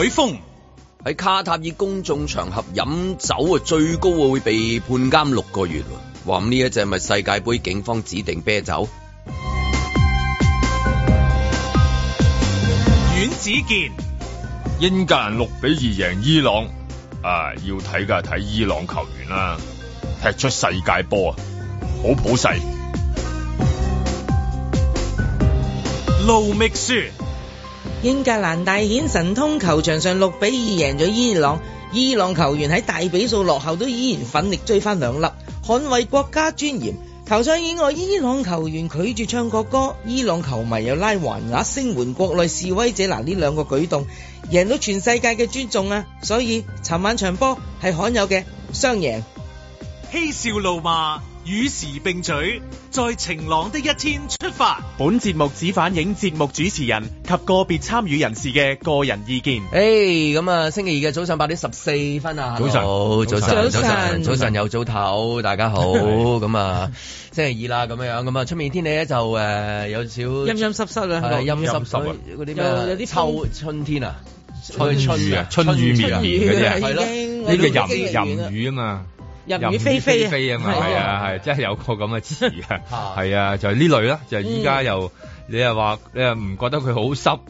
海風喺卡塔爾公眾場合飲酒啊，最高啊會被判監六個月。話呢一隻係咪世界杯警方指定啤酒？阮子健，英格蘭六比二贏伊朗啊，要睇噶睇伊朗球員啦，踢出世界波啊，好普世。路覓書。英格蘭大顯神通，球場上六比二贏咗伊朗。伊朗球員喺大比數落後都依然奮力追翻兩粒，捍衛國家尊嚴。球場以外，伊朗球員拒絕唱國歌，伊朗球迷又拉橫額聲援國內示威者，嗱呢兩個舉動贏到全世界嘅尊重啊！所以尋晚場波係罕有嘅雙贏，嬉笑怒罵。與時並取，在晴朗的一天出發。本節目只反映節目主持人及個別參與人士嘅個人意見。誒，咁啊，星期二嘅早上八點十四分啊，早晨，早晨，早晨，早晨有早唞。大家好。咁 啊，星期二啦，咁樣樣，咁啊，出面天氣咧就誒有少陰陰濕濕啊，係，陰濕濕嗰啲咩？有啲臭春，春天啊，春春啊，春雨綿綿嗰啲啊，係咯，呢啲淫淫雨啊嘛。淫雨霏霏啊嘛，係啊，係即係有個咁嘅詞啊，係啊，啊，啊，就係、是、呢類啦，就依、是、家又、嗯、你又話你又唔覺得佢好濕，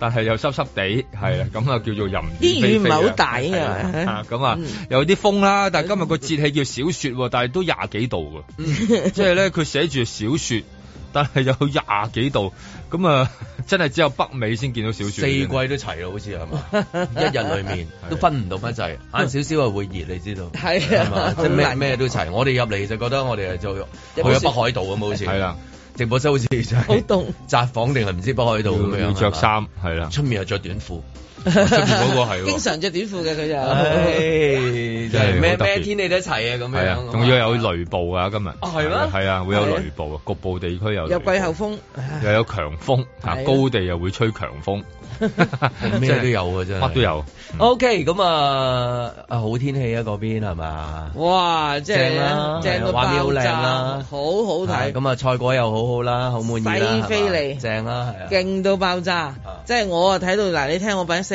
但係又濕濕地，係啦、啊，咁啊叫做淫雨霏霏，啲雨唔係好大嘅，咁啊，啊，啊，啊、嗯嗯嗯嗯、有啲風啦，但係今日個節氣叫小雪，但係都廿幾度嘅，即係咧佢寫住小雪，但係有廿幾度。嗯嗯嗯就是咁、嗯、啊，真係只有北美先見到小雪，四季都齊咯，好似係嘛？ 一日裏面、啊、都分唔到乜滯，晏少少啊點點會熱，你知道？係啊是，即係咩咩都齊。 我哋入嚟就覺得我哋係做去咗北海道咁，好似係啦。有有啊、直播室好似就係好凍，宅 房定係唔知北海道咁樣，要着衫係啦，出、啊、面又着短褲。著住嗰個係，經常着短褲嘅佢就，哎、真係咩咩天氣都一齊啊咁樣，仲、啊、要有雷暴啊今日，係、哦、咩？係啊，啊，會有雷暴啊，局部地區有，有季候風、哎，又有強風、啊、高地又會吹強風，咩都有啊真係，乜 都有。都有嗯、OK，咁啊，uh, 好天氣啊嗰邊係嘛？哇，即係正，啊正，啊、正到爆炸，啊、好、啊、好睇。咁啊，菜果又好好、啊、啦，好滿意利、啊，正啦、啊、係、啊，勁到爆炸。啊、即係我啊睇到嗱，你聽我把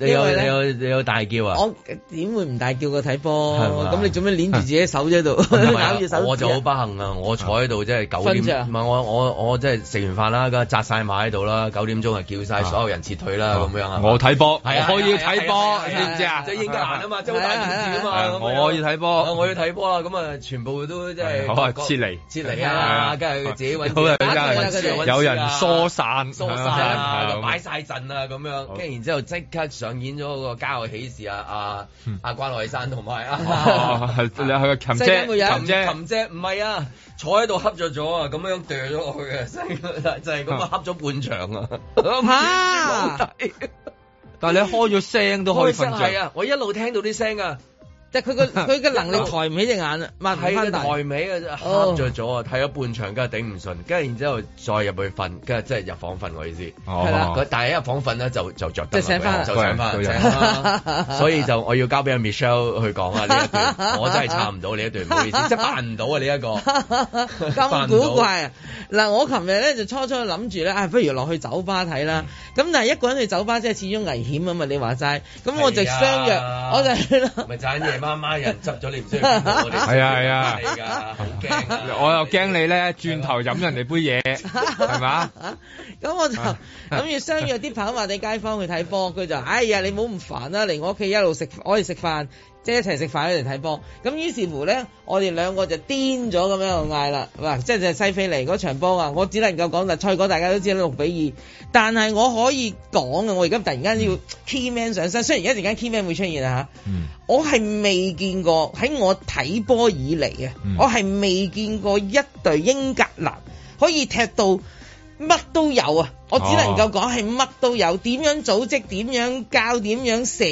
你有你有你有大叫啊！我點會唔大叫個睇波？咁你做咩捻住自己手喺度攪住手，啊。我就好不幸啊！我坐喺度即係，九點。唔係，啊、我我我即係食完飯啦，咁紮曬馬喺度啦，九點鐘啊叫晒所有人撤退啦，咁，啊、樣啊！我睇波。係我要睇波，知唔知啊？即係英格蘭啊，啊，啊，啊，啊，啊嘛，周大英字啊嘛，啊。我要睇波，我要睇波啦！咁啊，全部都即係撤離，撤離啊！梗係，啊、自己揾，有人有人疏散，疏散啊！擺曬陣啊！咁樣，跟住然之後即刻上。演咗個家和喜事啊，啊、嗯、啊關海山同埋啊，啊，啊，啊琴姐琴姐，唔係啊，坐喺度恰咗咗啊，咁、就是、樣樣掉咗我嘅聲，就係咁樣恰咗半場啊嚇， 但係你開咗聲都可以瞓著啊！我一路聽到啲聲啊。即係佢個佢嘅能力抬唔起隻眼啊，擘唔翻大。抬尾啊，着咗啊，睇、oh. 咗半場，梗係頂唔順，跟住然之後再入去瞓，跟住即係入房瞓，我意思。哦、oh.。但係一入房瞓咧，就就着得。即係醒翻，就醒翻。就寫就寫寫 所以就我要交俾阿 Michelle 去講啊，呢一段我真係插唔到呢一段，唔 好意思， 即係扮唔到啊呢一個。咁 古怪啊！嗱，我琴日咧就初初諗住咧，啊、哎，不如落去酒吧睇啦。咁 但係一個人去酒吧即係始終危險啊嘛，你話齋。咁我就相約，我就咪就媽媽人執咗你唔識，係、 哎、啊係啊，你噶，好驚！我又驚你咧轉頭飲人哋杯嘢，係 嘛是吧？咁、 啊、我就諗住相約啲跑馬地街坊去睇波，佢就：哎呀，你唔好咁煩啦，嚟我屋企一路食，我哋食飯。即係一齊食飯，一齊睇波，咁於是乎咧，我哋兩個就癲咗咁樣又嗌啦，即係就西非尼嗰場波啊，我只能夠講就賽果大家都知道六比二，但係我可以講嘅，我而家突然間要 key man 上身，雖然一陣間 key man 會出現啊、嗯、我係未見過喺我睇波以嚟啊，我係未見過一隊英格蘭可以踢到。乜都有啊！我只能夠講係乜都有，點樣組織，點樣教，點樣射，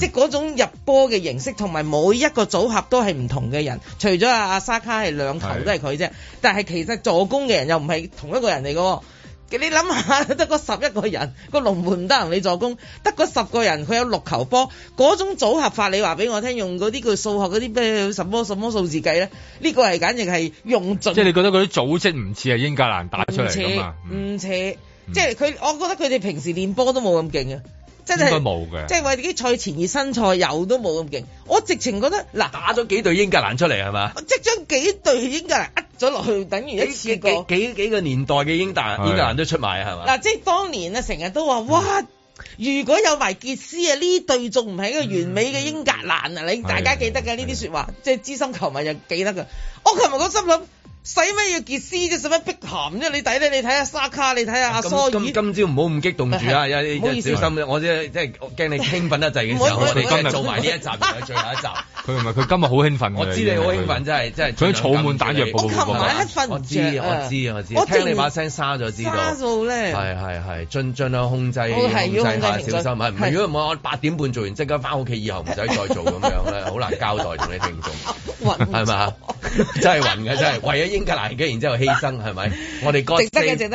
即係嗰種入波嘅形式，同埋每一個組合都係唔同嘅人。除咗阿阿沙卡係兩頭都係佢啫，但係其實助攻嘅人又唔係同一個人嚟噶。你諗下，得個十一個人，個龍門唔得同你助攻，得個十個人，佢有六球波，嗰種組合法，你話俾我聽，用嗰啲佢數學嗰啲咩什麼什麼數字計咧？呢個係簡直係用盡。即係你覺得嗰啲組織唔似係英格蘭打出嚟噶嘛？唔似、嗯，即係佢，我覺得佢哋平時練波都冇咁勁啊。真係應該冇嘅，即係為啲賽前熱身賽有都冇咁勁。我直情覺得嗱，打咗幾隊英格蘭出嚟係嘛？即將將幾隊英格蘭呃咗落去，等於一次過幾幾，幾個年代嘅英格蘭，英格蘭都出埋係嘛？嗱，即係當年啊，成日都話哇，如果有埋傑斯啊，呢隊仲唔係一個完美嘅英格蘭啊？你大家記得嘅呢啲說話，是的是的即係資深球迷就記得嘅。我琴日個心諗。使乜要傑斯啫？使乜逼含啫？你睇你你睇下沙卡，你睇下阿蘇爾。今今朝唔好咁激動住啊，有小心我即即係驚你興奮得滯。 我哋今日做埋呢一集，我 哋最後一集。佢唔係，佢今日好興奮，我知你好興奮，真係佢想儲滿彈藥，唔知，我知我知。我聽你把聲沙咗，知道。沙係係係，盡盡量控制控制下，小心唔，如果唔我八點半做完，即刻翻屋企，以後唔使再做咁樣，好難交代同你聽眾。係咪真係暈嘅真係，咗格蘭嘅，然之後犧牲係咪？我哋 God,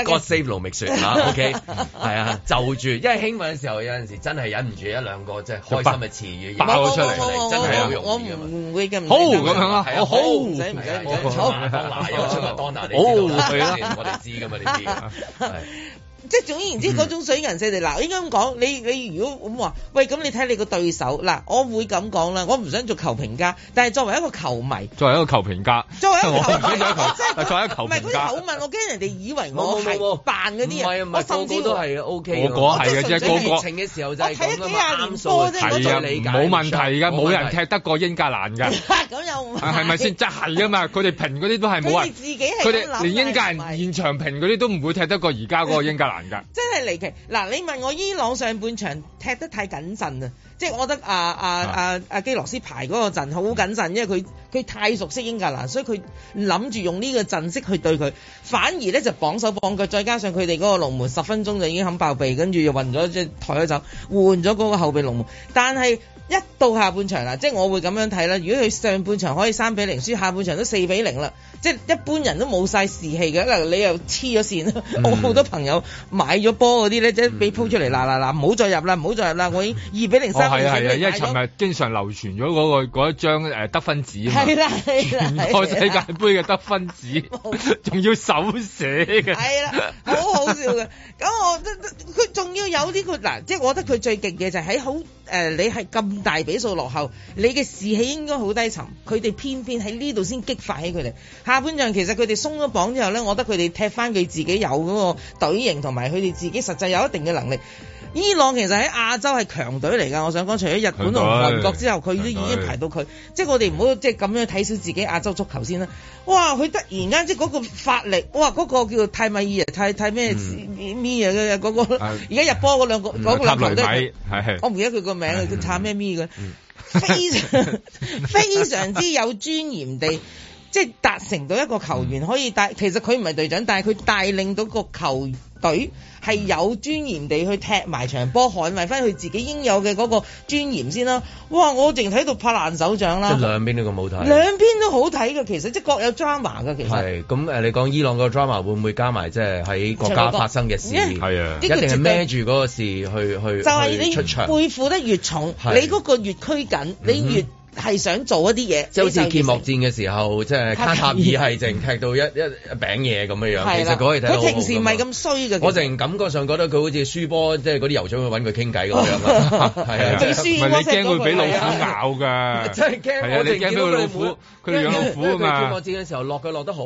God save 盧覓雪吓，OK，係 啊，就住。因為興奮嘅時候，有陣時候真係忍唔住一兩個即係開心嘅詞語爆咗出嚟，真係有用。我唔會咁唔好咁啊！好使唔使，我，我，我，我，我，我，我出個 d 我哋知噶 道 即總言之，嗰種水人、嗯，你力嗱，應該咁講。你你如果咁話，喂咁你睇你個對手嗱，我會咁講啦。我唔想做球評家，但係作為一個球迷，作為一個球評家，作為一個球，唔係嗰啲口問，我驚人哋以為我係扮嗰啲人，我甚至會個個都係 O K，個個係嘅啫。個個熱情嘅時候就係咁啊嘛，冇問題噶，冇人踢得過英格蘭噶。咁 又係咪先？即係啊嘛，佢哋評嗰啲都係冇人。佢 哋連英格蘭現場評嗰啲都唔會踢得過而家嗰個英格蘭。真係離奇嗱！你問我伊朗上半場踢得太謹慎啊，即係我覺得阿阿阿阿基羅斯排嗰個陣好謹慎，因為佢佢太熟悉英格蘭，所以佢諗住用呢個陣式去對佢，反而呢就綁手綁腳，再加上佢哋嗰個龍門十分鐘就已經肯爆鼻，跟住又暈咗只抬咗走，換咗嗰個後備龍門，但係一到下半場啦，即係我會咁樣睇啦。如果佢上半場可以三比零，輸，下半場都四比零啦。即係一般人都冇晒士氣嘅，嗱，你又黐咗線了、嗯。我好多朋友買咗波嗰啲咧，即係俾鋪出嚟，嗱嗱嗱，唔好再入啦，唔好再入啦。我二比零三、哦，係啊係啊，因為尋日經常流傳咗嗰個嗰一張誒得分紙，係啦係啦，全個世界杯嘅得分紙，仲要手寫嘅，係啦，好好笑嘅。咁 我佢仲要有呢、這個嗱，即係我覺得佢最勁嘅就喺好誒，你係咁大比數落後，你嘅士氣應該好低沉，佢哋偏偏喺呢度先激發起佢哋。下半場其實佢哋鬆咗綁之後咧，我覺得佢哋踢翻佢自己有嗰個隊形，同埋佢哋自己實際有一定嘅能力。伊朗其實喺亞洲係強隊嚟噶，我想講除咗日本同韓國之後，佢都已經排到佢。即係我哋唔好即係咁樣睇小自己亞洲足球先啦。哇，佢突然間即係嗰個發力，哇，嗰、嗰個叫泰米爾太太咩嘢嗰個，而家入波嗰兩個嗰個立球都，我唔記得佢個名，佢差咩咩嘅，非常非常之有尊嚴地。即係達成到一個球員可以帶，嗯、其實佢唔係隊長，但係佢帶領到個球隊係有尊嚴地去踢埋場波，捍衞翻佢自己應有嘅嗰個尊嚴先啦、啊。哇！我淨係睇到拍爛手掌啦。即兩邊都咁好睇。兩邊都好睇嘅，其實即係各有 drama 㗎。其實。係。咁誒，你講伊朗個 drama 會唔會加埋即係喺國家發生嘅事？係啊，一定係孭住嗰個事去去去出場。背負得越重，就係、你嗰個越拘謹、嗯，你越。係想做一啲嘢，好似揭幕戰嘅時候，即係卡塔爾係淨踢到一一餅餅嘢咁樣，其實嗰日睇到佢平時唔係咁衰嘅。我淨感覺上覺得佢好似輸波，即係嗰啲油長去搵佢傾偈咁樣。係 啊，唔係你驚佢會俾老虎咬㗎，真係驚。你驚佢老虎？佢養老虎㗎嘛。揭幕戰嘅時候落佢落得好。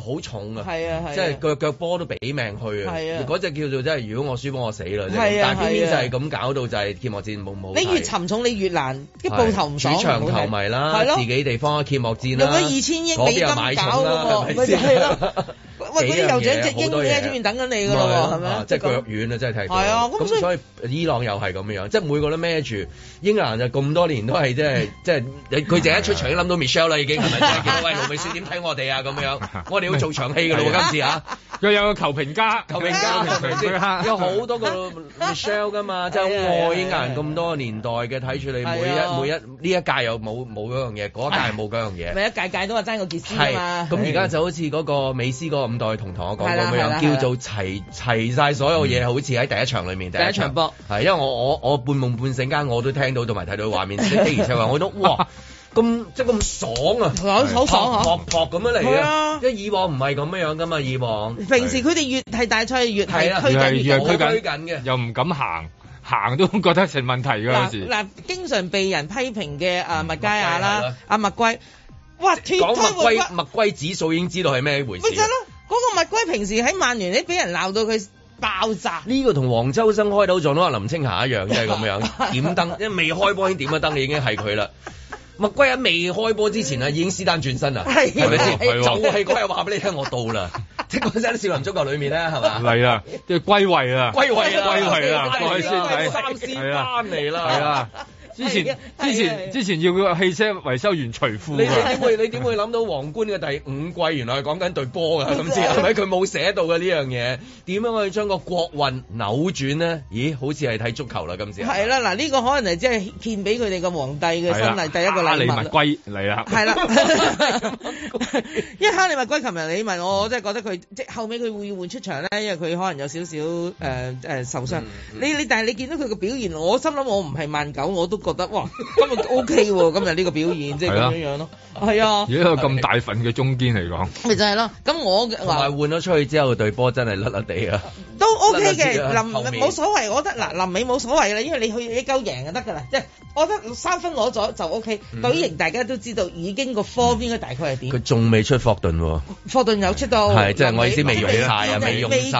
好重啊，啊！即係腳波都俾命去啊！嗰、那、隻、個、叫做即係，如果我輸幫我死啦、啊！但偏偏就係咁搞到就係揭幕戰冇冇、啊啊。你越沉重你越，越難一步、啊、頭唔上，主場球迷啦、啊，自己地方嘅揭幕戰啦。用二千億美金搞㗎喎，咪咯。是 喂！佢又著一隻英嘢喺前面等緊你噶咯喎，即係、啊啊就是、腳軟真係啊！即係睇。係啊，咁所以伊朗又係咁樣、啊、即係每個都孭住。英蘭就咁多年都係， 即係即係佢淨係一出場已經諗到 Michelle 啦，已經。啊就是、 喂，盧美雪點睇我哋啊？咁樣， 我哋要做長戲噶喇喎，今、啊、次嚇。啊、 又有個球評家，球評家， 評家 有好多個 Michelle 噶嘛？即 係英蘭咁多年代嘅睇住你每一、啊、每一呢、啊、一屆又冇冇嗰樣嘢，嗰一屆冇嗰樣嘢。咪一屆屆都話爭個傑斯咁，而家就好似嗰個美斯個再同同我講個樣，叫做齊齊晒所有嘢、嗯，好似喺第一場裏面第一場波，係因為我我我半夢半醒間我都聽到同埋睇到畫面， 而且話我都哇咁即係咁爽啊，好爽嗬，撲咁樣嚟啊！即以往唔係咁樣噶嘛，以往平時佢哋越係大賽越係推越係推緊嘅，又唔敢行，行都覺得成問題嗰陣時。嗱，經常被人批評嘅啊麥嘉亞啦，阿麥桂，哇！講麥桂，麥桂指數已經知道係咩回事。啊嗰、那個麥龜平時喺曼聯啲俾人鬧到佢爆炸，呢個同黃秋生開頭撞到阿林青霞一樣，就係咁樣點燈，因為未開波已經點咗燈，已經係佢啦。麥龜喺未開波之前啊，已經施丹轉身啦，係咩笑佢？就係嗰日話俾你聽我到啦，即係嗰陣啲少林足球裏面咧，係嘛？嚟啦，即係歸位啦，歸位，歸位啦，我喺先睇，係啊，嚟啦。之前之前之前要個汽車維修員除褲， 你點會你點會諗到皇冠嘅第五季原來係講緊對波㗎？今次係咪佢冇寫到嘅呢樣嘢？點樣可以將個國運扭轉呢？咦，好似係睇足球啦！今次係啦，嗱呢、這個可能係即係獻俾佢哋個皇帝嘅新例，第一個禮物。哈利麥貴嚟啦，係啦， 因為哈利麥貴琴日你問我，我真係覺得佢即係後尾佢會唔會出場呢？因為佢可能有少少、呃呃、受傷。嗯、你但你但係你見到佢嘅表現，我心諗我唔係萬九我都。覺得哇，今日 O K 喎，今日呢個表演即係咁樣樣咯，係啊，如果咁大份嘅中堅嚟講，咪、啊、就係、是、咯。咁我嗱換咗出去之後，對波真係甩甩地啊，都 O K 嘅。臨冇所謂，我覺得嗱、啊、臨尾冇所謂啦，因為你去你夠贏就得㗎啦，即係我覺得三分攞咗就 O、OK, K、嗯。隊形大家都知道，已經個 form 應該大概係點？佢仲未出霍頓喎、啊，霍頓有出到，係即係我意思未用曬啊，未用即係呢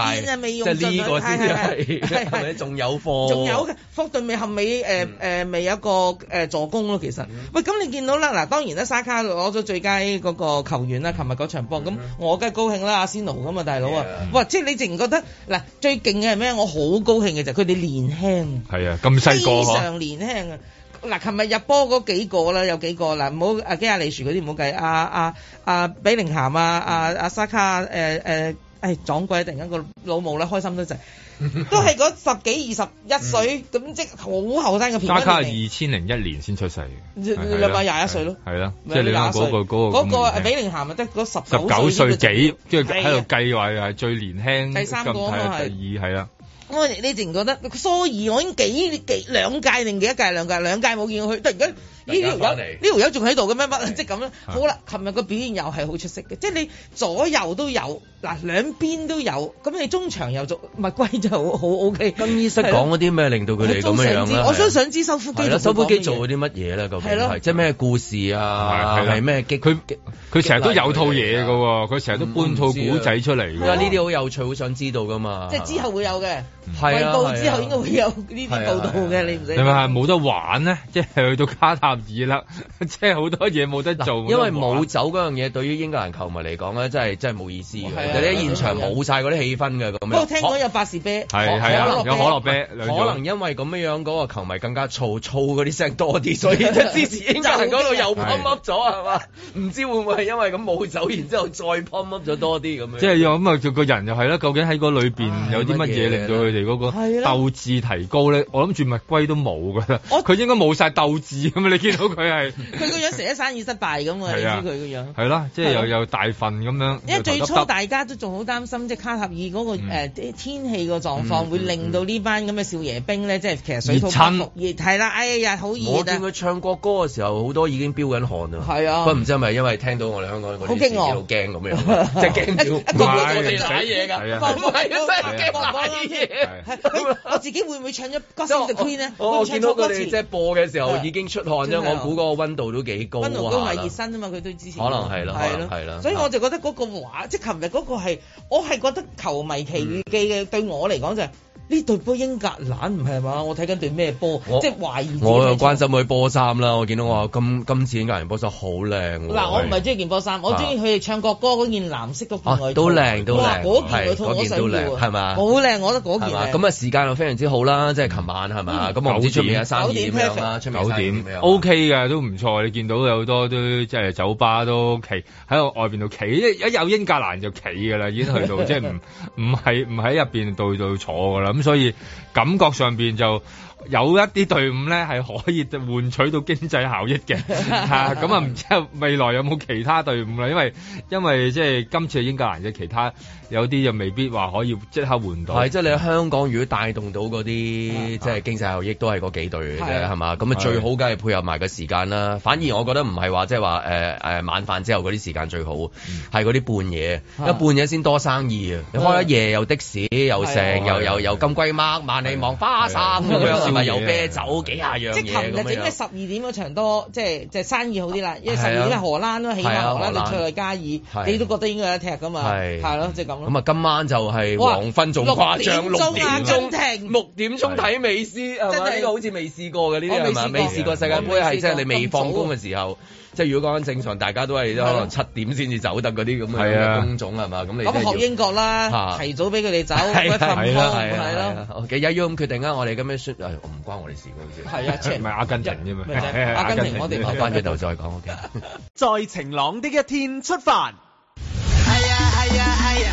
個先係，仲有霍仲有嘅霍頓未後尾誒誒未啊？一個誒、呃、助攻咯，其實、mm. 喂，咁你見到啦，嗱，當然啦、啊，沙卡攞咗最佳嗰個球員啦，琴日嗰場波，咁、mm. 我梗係高興啦，阿仙奴咁啊大佬啊，yeah. mm. 哇，即係你直然覺得嗱、啊、最勁嘅係咩？我好高興嘅就係佢哋年輕，係啊，咁細個非常年輕啊！嗱、啊，琴日入波嗰幾個啦，有幾個唔好，阿基亞利樹嗰啲唔好計，阿阿阿比寧咸啊啊阿、啊啊、沙卡誒誒、誒、啊、撞、啊哎、鬼突然間一個老母啦，開心得滯。 都係嗰十幾二十一歲，咁即係好後生嘅平均年齡。二千零一年先出世嘅，兩百廿一歲咯。係啦，即係、就是、你講嗰個嗰個。嗰、那個那個、比李寧霞咪得嗰十。十九歲幾，即係喺度計位係最年輕。第三個第嘛係。二係啦。我呢陣覺得蘇怡，所以我已經幾幾兩屆定幾一屆兩屆兩屆冇見過佢，突然間呢條友呢條友仲喺度嘅咩乜即係咁啦。好啦，琴日個表演又係好出色嘅，即係你左右都有，嗱兩邊都有，咁你中場又做麥圭就好 O K。更衣室講嗰啲咩令到佢哋咁嘅樣我,我想想知收腹肌係啦，收腹肌做啲乜嘢咧？究竟係即係咩故事啊？係咩？佢佢成日都有套嘢嘅，佢成日都搬套古仔出嚟。係啊，呢啲好有趣，好想知道噶嘛。即係之後會有嘅，報導之後應該會有呢啲報道嘅，你唔使。你咪係冇得玩咧，即係去到卡塔合意啦，即係好多嘢冇得做，因為冇酒嗰樣嘢對於英格蘭球迷嚟講咧，真係真係冇意思嘅。你、okay, 喺現場冇晒嗰啲氣氛嘅咁樣。不過聽講有百事啤，係係、啊有，啊、有，有可樂啤。可能因為咁樣嗰、那個球迷更加嘈嘈嗰啲聲多啲，所以支持英格蘭嗰個又 pump pump 咗係嘛？唔 知道會唔會係因為咁冇酒，然之後再 pump pump 咗多啲咁、就是、樣。即係又咁啊！嗯、樣就個人又係啦。究竟喺個裏面、哎、有啲乜嘢令到佢哋嗰個鬥志提高咧？我諗住麥圭都冇㗎啦，佢應該冇晒鬥志咁見到佢係，佢個樣成日生意失敗咁 啊！你知佢個樣，係啦，即係又有，有大份咁樣。因為最初大家都仲好擔心，即係卡塔爾嗰、那個、嗯呃、天氣個狀況，會令到呢班咁嘅少爺兵咧，即係其實水土不服，係啦，哎呀，好熱啊！佢唱過國歌嘅時候，好多已經飆緊汗啊！係啊，不唔知係咪因為聽到我哋香港嗰啲事，好驚咁樣，即係到，嘢 㗎，我自己會唔會唱咗歌手嘅天我見到佢哋播嘅時候已經出汗。 即係我估嗰個温度都幾高，温度都係熱身啊嘛，佢都之前可能係咯，係咯，係咯，所以我就覺得嗰個話，即係琴日嗰個係，我係覺得《球迷奇遇記》嘅、嗯、對我嚟講就是。呢隊波英格蘭唔係嘛？我睇緊隊咩波？即係懷疑。我又關心佢波衫啦！我見到我今今次英格蘭波衫好靚。嗱，我唔係中意件波衫，我中意佢哋唱國歌嗰、啊、件藍色嗰件外套都靚都靚。嗰件佢同我細個，係嘛？好靚，我覺得嗰件。咁啊，時間又非常之好啦，即係琴晚係嘛？咁九、嗯、點啊，九點咩食？九點 OK 嘅都唔錯。你見到有好多都即係酒吧都企喺度外邊度企，一有英格蘭就企㗎啦，已經去到即係唔唔係唔喺入邊度度坐㗎啦。所以感覺上邊就。有一啲隊伍咧係可以換取到經濟效益嘅，咁啊唔知未來有冇其他隊伍啦？因為因為即、就、係、係、今次英格蘭嘅其他有啲就未必話可以即刻換到。係即係你喺香港如果帶動到嗰啲、啊、即係經濟效益都係嗰幾隊嘅啫，係、啊、嘛？咁啊最好梗係配合埋個時間啦。反而我覺得唔係話即係話晚飯之後嗰啲時間最好，係嗰啲半夜，一、啊、半夜先多生意啊！你開一夜又的士又成，又又又，又金龜媽、萬里望、花生 咪有啤酒幾下樣即琴日整咩十二點嗰場多，即係即生意好啲啦、啊。因為十二點咧、啊、荷蘭咯，起碼荷蘭你塞內加爾，你都覺得應該有得踢噶嘛。係，係咯，即係咁咯。咁、就、啊、是，今晚就係黃昏仲誇張六點鐘停、啊，六點鐘睇美斯，係嘛？呢個好似未試過嘅呢樣啊！未試過世界盃係即係你未放工嘅時候。即係如果講緊正常，大家都係可能七點先至走得嗰啲咁嘅工種係嘛？咁你咁學英國啦，提早俾佢哋走，係咪係咯？幾啊要咁決定啊、哎？我哋咁樣説，唔關我哋事嘅好似係啊，唔係阿根廷啫嘛、啊啊？阿根廷，啊阿根廷啊、我哋話翻轉頭再講、啊，OK。在晴朗的一天出發。係啊係啊係啊！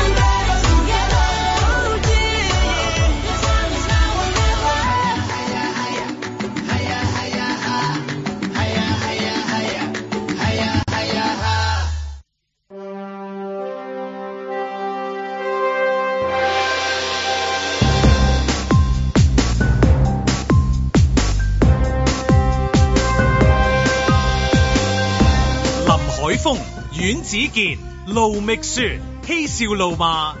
阮子健，盧覓雪嬉笑怒罵。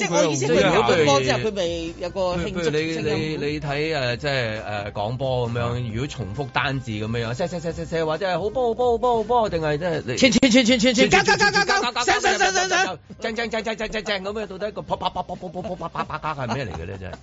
即係我意思係，如果對波之後佢咪有個興趣，你你你睇誒，即係誒廣播咁樣。如果重複單字咁樣，聲聲聲或者係好波好波好波好波，定係即係穿穿穿正正正正正正咁樣。到底個啪啪啪啪啪啪啪啪啪加係咩嚟嘅咧？真係。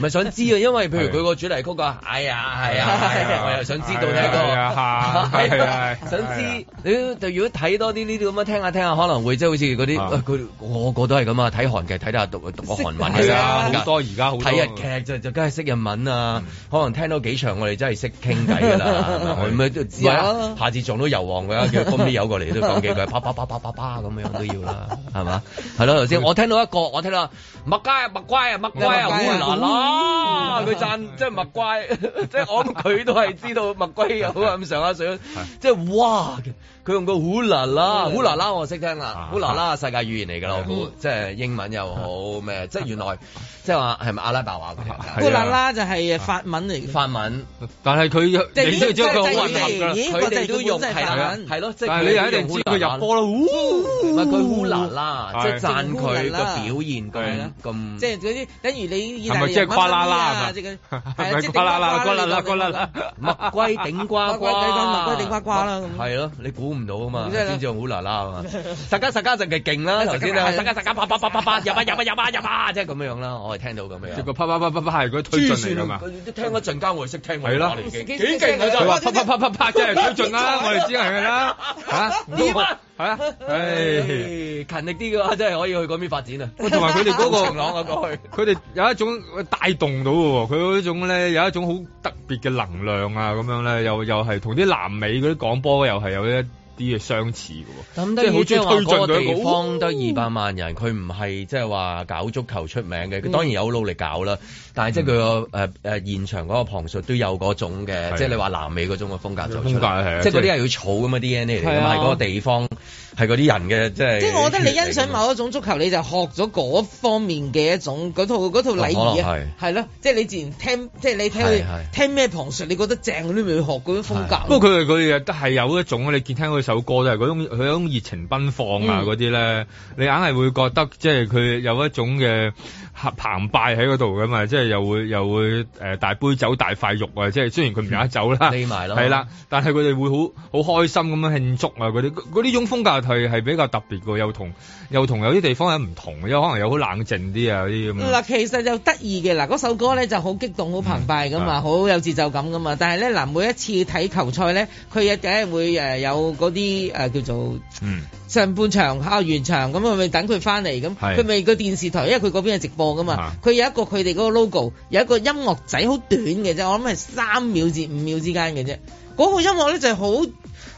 唔係想知啊，因為譬如佢個主題曲啊，哎呀，係啊，啊，啊，啊，我又想知道、啊、聽過啊係係係，想知你、啊啊、如果睇多啲呢啲咁樣啊，聽下聽下可能會即係、就是、好似嗰啲佢個個都係咁啊，睇、哎、韓劇睇下讀讀個韓文係啊好、啊、多而家好睇日劇就梗係識日文啊、嗯，可能聽到幾場我哋真係識傾偈㗎啦，係咪、啊？唔係啊，啊，下次撞到遊王㗎叫封啲友過嚟都講幾句，啪啪啪啪啪啪咁樣都要啦，係嘛？係咯頭先我聽到一個我聽到，我聽到 麥圭啊？麥圭啊？古羅啊？」哇！佢讚，即係麥乖，即係我諗佢都係知道麥龜有咁上下水，即 係、就是、哇嘅。佢用個烏啦啦，烏啦啦我識聽啦，烏啦啦世界語言嚟㗎啦，我估是啊嗯、即係英文又好咩？嗯、即係原來哈哈即係話係咪阿拉伯話？烏啦啦就係法文嚟，法文。但係佢、就是，你都知一個混搭㗎啦。佢、啊、我哋都用，用是法文，係咯、啊。但係你又一定知佢入波啦。唔係佢呼啦啦，即係讚佢個表現咁。即係嗰啲，等於你意大利人。係咪即係呱啦啦？即係呱啦啦、呱啦啦、呱啦啦、墨龜頂呱呱啦咁。係咯，估唔到啊嘛，先至好啦啦啊嘛，十家十家就係勁啦，頭先啊十家十家啪啪啪啪啪入啪、啊、入啪、啊、入啪、啊、入啪、啊啊啊啊，即係咁樣樣啦，我係聽到咁樣。接啪啪啪啪個、啊啊、啪啪啪啪啪係佢推進嚟㗎嘛，你聽一陣間我係識聽佢打嘅，幾勁啊！你話啪啪啪啪啪即係推進啦，我哋知係㗎啦嚇，係啊，唉，啊啊啊啊啊、勤力啲嘅話真係可以去嗰邊發展啊！同埋佢哋嗰個紅、啊、過去，佢哋有一種帶動到嘅喎，佢嗰種咧有一種好特別嘅能量啊，咁樣咧又又係同啲南美嗰啲廣播又係有一。啲相似嘅，即係好中意話嗰個地方得二百萬人，佢唔係即係話搞足球出名嘅，佢當然有努力搞啦。但係即係佢個現場嗰個旁述都有嗰種嘅，即係你話南美嗰種嘅風格做出嚟，即係嗰啲係要草咁嘅 DNA 嗰、啊、個地方係嗰啲人嘅，即係即係我覺得你欣賞某一種足球，你就學咗嗰方面嘅一種嗰套嗰套禮儀係咯。即、嗯、係、就是、你自然聽，即、就、係、是、你聽你聽咩旁述，你覺得正，你都咪去學嗰種風格。不過佢佢都係有一種你見聽首歌都係嗰種佢嗰種熱情奔放啊嗰啲咧，你硬係會覺得即係佢有一種嘅合澎湃喺嗰度噶嘛，即係又會又會誒大杯酒大塊肉啊，即係雖然佢唔飲酒啦，匿埋咯，係啦，但係佢哋會好好開心咁樣慶祝啊嗰啲，嗰啲種，種風格係係比較特別噶，又同又同有啲地方係唔同，有可能又好冷靜啲啊啲咁。嗱，其實又得意嘅嗱，首歌咧就好激動、好澎湃噶嘛，好、嗯、有節奏感噶嘛、嗯，但係咧嗱，每一次睇球賽咧，佢又梗係會誒有啲誒、啊、叫做嗯，上半場考完場咁，係咪等佢翻嚟咁？佢咪個電視台，因為佢嗰邊係直播噶嘛，佢、啊、有一個，佢哋嗰個 logo，有一個音樂仔好短嘅啫，我諗係三秒至五秒之間嘅啫，嗰、那個音樂咧就係好。